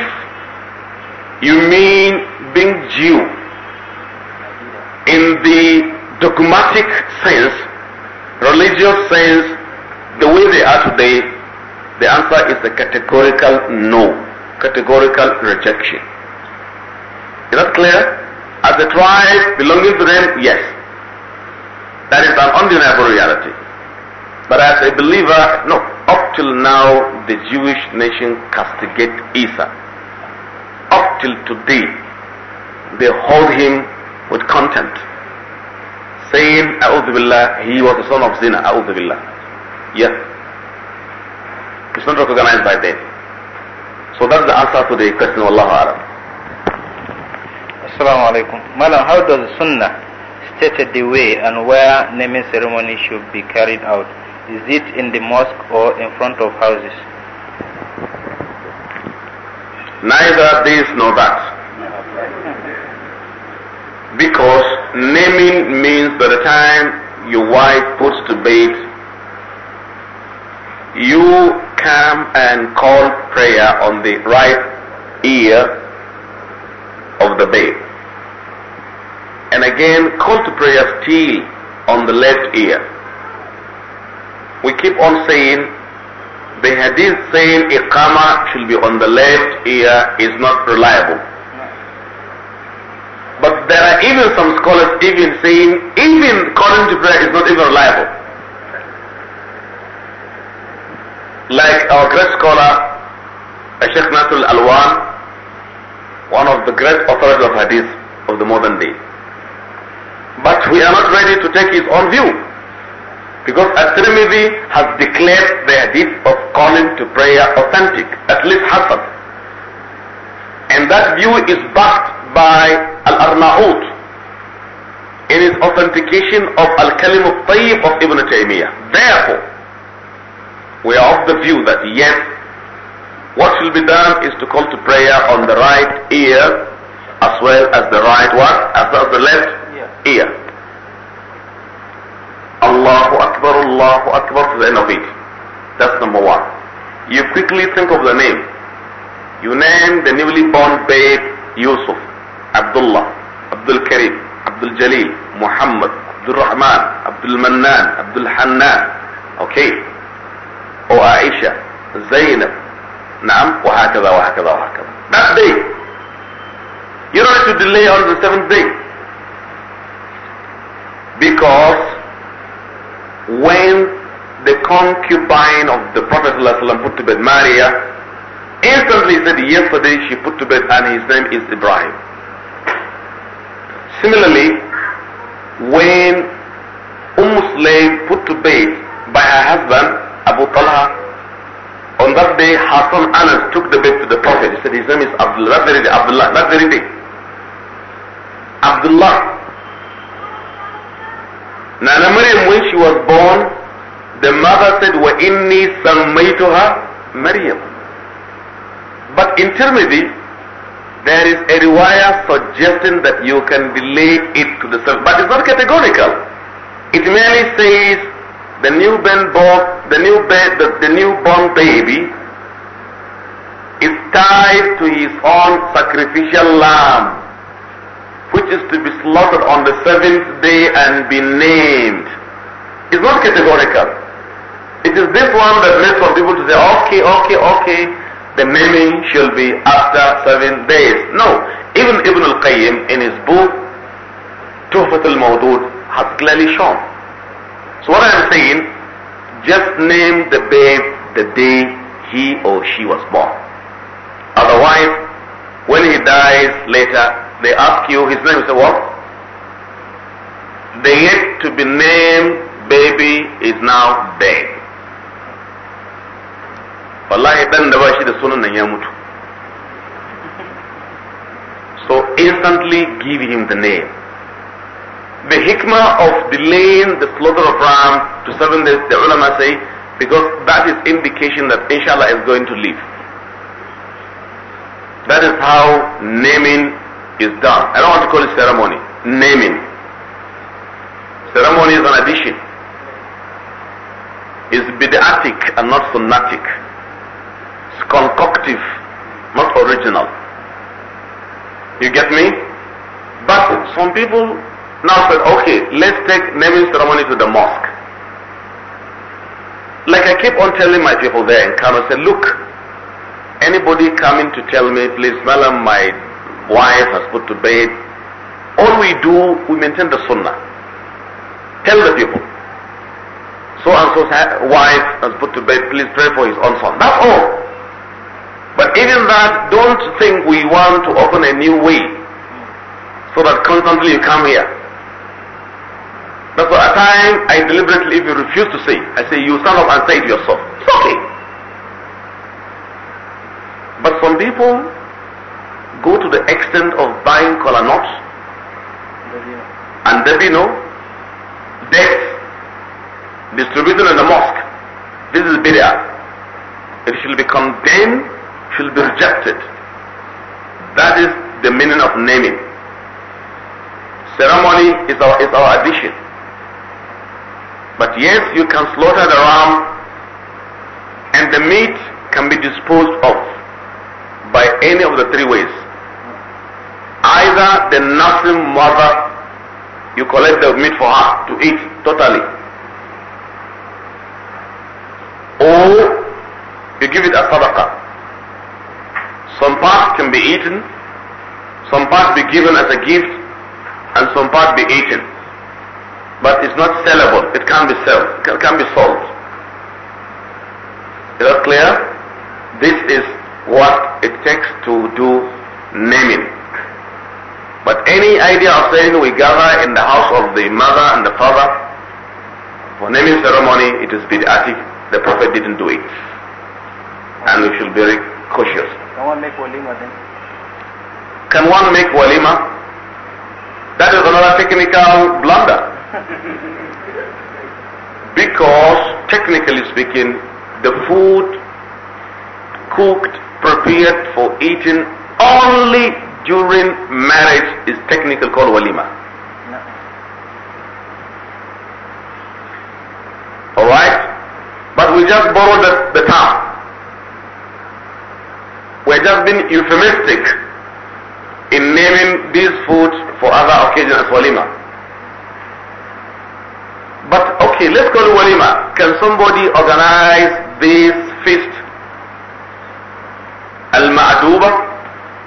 you mean being Jew in the dogmatic sense, religious sense, the way they are today, the answer is a categorical no, categorical rejection. Is that clear? As a tribe belonging to them, yes that is an undeniable reality. But as a believer, no, up till now the Jewish nation castigate Isa. Up till today, they hold him with contempt, saying, A'udhu he was the son of Zina, A'udhu Billah. Yes. It's not recognized by them. So that's the answer to the question, Wallahu Alam. Assalamu alaikum. Ma'am, how does Sunnah stated the way and where naming ceremony should be carried out? Is it in the mosque or in front of houses? Neither this nor that. Because naming means by the time your wife puts to bed, you come and call prayer on the right ear of the bed. And again, call to prayer still on the left ear. We keep on saying the hadith saying iqama should be on the left ear is not reliable. But there are even some scholars even saying even calling to prayer is not even reliable. Like our great scholar, Sheikh al Alwan, one of the great authorities of hadith of the modern day. But we are not ready to take his own view. Because al tirmidhi has declared the hadith of calling to prayer authentic, at least Hassan. And that view is backed by Al-Arnaud in his authentication of Al-Kalim al-Tayyib of Ibn Taymiyyah. Therefore, we are of the view that yes, what should be done is to call to prayer on the right ear as well as the right one, as well as the left ear. Allahu Akbar, Allahu Akbar to the end of it. That's number one. You quickly think of the name. You name the newly born babe Yusuf, Abdullah, Abdul Karim, Abdul Jalil, Muhammad, Abdul Rahman, Abdul Mannan, Abdul Hannan. Okay. Or Aisha, Zainab, Naam, وهكذا the وهكذا. That day. You don't have to delay on the seventh day. Because when the concubine of the Prophet ﷺ put to bed Maria, instantly said, yesterday she put to bed and his name is Ibrahim. Similarly, when Umm Slave put to bed by her husband, Abu Talha, on that day, her son Anas took the bed to the Prophet. He said, his name is Abdullah, that very day, Abdullah, that very day. Abdullah Nana Maryam, when she was born, the mother said, "Wa inni sammaytuha Maryam." But in Tirmidhi, there is a riwayah suggesting that you can delay it to the self, but it's not categorical. It merely says the newborn the new the, the newborn baby is tied to his own sacrificial lamb which is to be slaughtered on the seventh day and be named. It's not categorical. It is this one that makes some people to say, okay, okay, okay, the naming shall be after seven days. No. Even Ibn al-Qayyim in his book, Tuhfat al-Mawdud, has clearly shown. So what I am saying, just name the babe the day he or she was born. Otherwise, when he dies later, they ask you, his name You say what? The yet to be named baby is now dead. Wallahi dan da da sunan nan ya mutu. So instantly give him the name. The hikmah of delaying the slaughter of ram to seven days, the ulama say, because that is indication that inshallah is going to live. That is how naming is done. I don't want to call it ceremony. Naming. Ceremony is an addition. It's bid'atic and not sunnatic. It's concoctive, not original. You get me? But some people now said, okay, let's take naming ceremony to the mosque. Like I keep on telling my people there in Kano, I said, look, anybody coming to tell me, please, madam, my wife has put to bed. All we do, we maintain the sunnah. Tell the people. So and so wife has put to bed, please pray for his own son. That's all. But even that, don't think we want to open a new way so that constantly you come here. That's why at times I deliberately, if you refuse to say, I say you stand up and say it yourself. It's okay. But some people go to the extent of buying kola nuts and dabino, death distributed in the mosque. This is bid'ah. It shall be condemned, shall be rejected. That is the meaning of naming. Ceremony is our, is our addition. But yes, you can slaughter the ram and the meat can be disposed of by any of the three ways. Either the nursing mother, you collect the meat for her to eat totally. Or you give it as sadaqah. Some part can be eaten, some part be given as a gift, and some part be eaten. But it's not sellable. It can't be sold. It can, can be sold. Is that clear? This is what it takes to do naming. But any idea of saying we gather in the house of the mother and the father for naming ceremony, it is bid'atic. The Prophet didn't do it. And we should be very cautious. Can one make walima then? Can one make walima? That is another technical blunder. because technically speaking, the food cooked, prepared for eating only during marriage is technically called walima. No. Alright? But we just borrowed the, the term. We're just being euphemistic in naming this food for other occasions as walima. But okay, let's call it walima. Can somebody organize this feast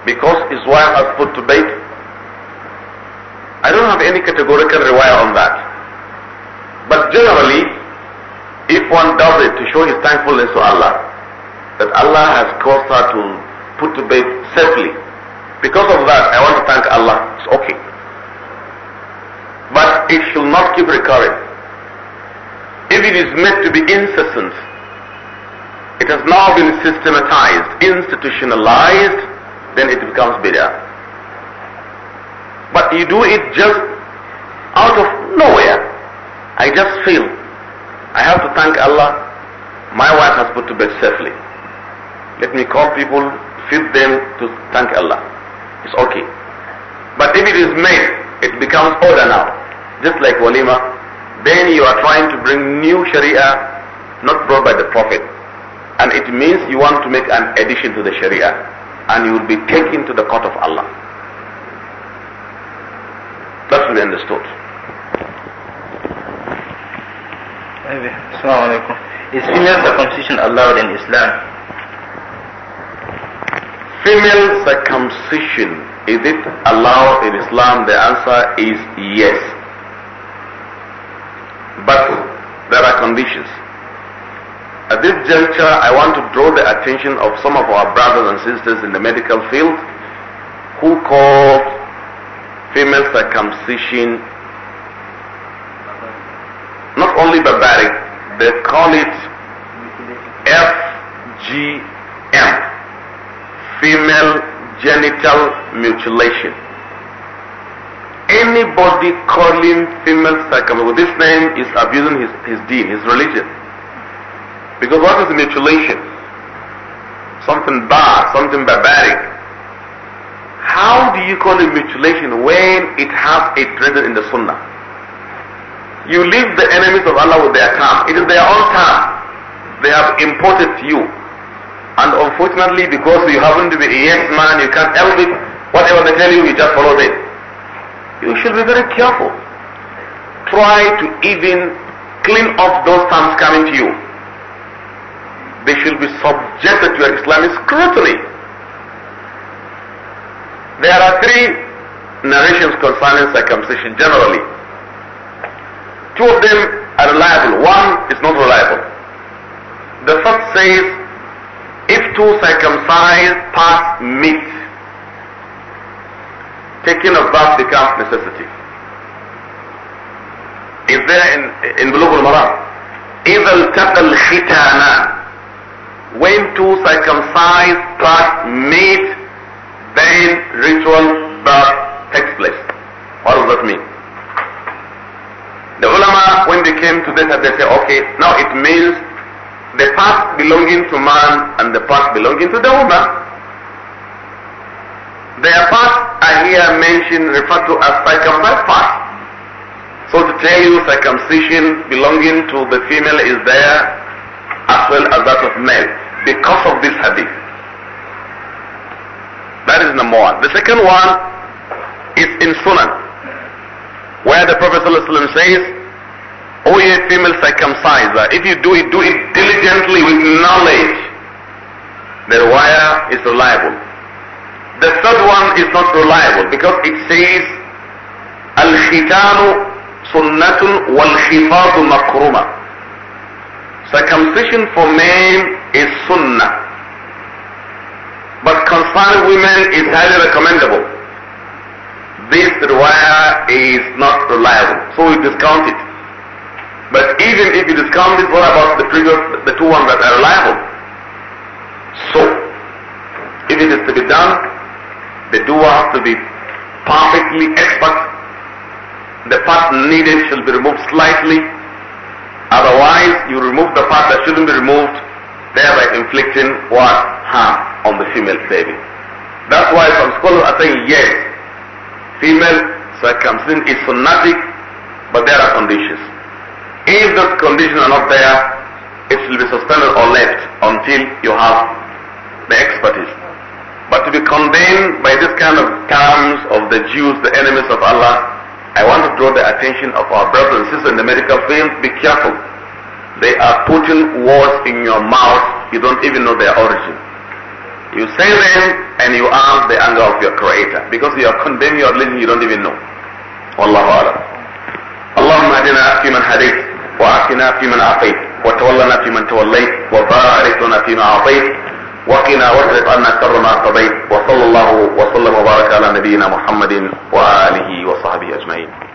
because his wife has put to bed? I don't have any categorical rewire on that. But generally, if one does it to show his thankfulness to Allah, that Allah has caused her to put to bed safely. Because of that, I want to thank Allah. It's okay. But it should not keep recurring. If it is meant to be incessant, it has now been systematized, institutionalized, then it becomes bid'ah. But you do it just out of nowhere. I just feel I have to thank Allah. My wife has put to bed safely. Let me call people, feed them to thank Allah. It's okay. But if it is made, it becomes order now. Just like walima, then you are trying to bring new sharia not brought by the Prophet. And it means you want to make an addition to the sharia and you will be taken to the court of Allah. That will be understood. Is female circumcision allowed in Islam? Female circumcision, is it allowed in Islam? The answer is yes. But there are conditions. At this juncture, I want to draw the attention of some of our brothers and sisters in the medical field who call female circumcision not only barbaric, they call it FGM, female genital mutilation. Anybody calling female circumcision with this name is abusing his, his deen, his religion. Because what is mutilation? Something bad, something barbaric. How do you call it mutilation when it has a tradition in the Sunnah? You leave the enemies of Allah with their term. It is their own term. They have imported you. And unfortunately, because you haven't been a yes man, you can't help it. Whatever they tell you, you just follow it. You should be very careful. Try to even clean up those terms coming to you. They should be subjected to Islamic scrutiny. There are three narrations concerning circumcision generally. Two of them are reliable, one is not reliable. The first says, if two circumcised parts meet, taking of bath becomes necessity. Is there in, in Bulugh maram إذا التقى الختانان when two circumcised tribes meet, then ritual birth takes place. What does that mean? The ulama, when they came to this, they say, okay, now it means the part belonging to man and the part belonging to the woman. Their parts are here mentioned, referred to as circumcised parts. So to tell you circumcision belonging to the female is there as well as that of male because of this hadith. That is number one. The second one is in Sunan, where the Prophet ﷺ says, O ye female circumciser, if you do it, do it diligently with knowledge. The wire is reliable. The third one is not reliable because it says, Al-khitanu sunnatun wal-khifadu makruma. Circumcision for men is sunnah. But concerning women is highly recommendable. This riwayah is not reliable, so we discount it. But even if you discount it, what about the previous, the two ones that are reliable? So, if it is to be done, the doer has to be perfectly expert. The part needed should be removed slightly. Otherwise, you remove the part that shouldn't be removed thereby inflicting what harm on the female baby. That's why some scholars are saying yes, female circumcision is sunnatic, but there are conditions. If those conditions are not there, it will be suspended or left until you have the expertise. But to be condemned by this kind of terms of the Jews, the enemies of Allah, I want to draw the attention of our brothers and sisters in the medical field. Be careful they are putting words in your mouth. You don't even know their origin. You say them and you ask the anger of your creator because you are condemning your religion you don't even know. والله أعلم. اللهم اهدنا فيمن هديت وعافنا فيمن عافيت وتولنا فيمن توليت وبارك لنا فيما أعطيت وقنا واصرف عنا شر ما قضيت وصلى الله وسلم وبارك على نبينا محمد وآله وصحبه أجمعين.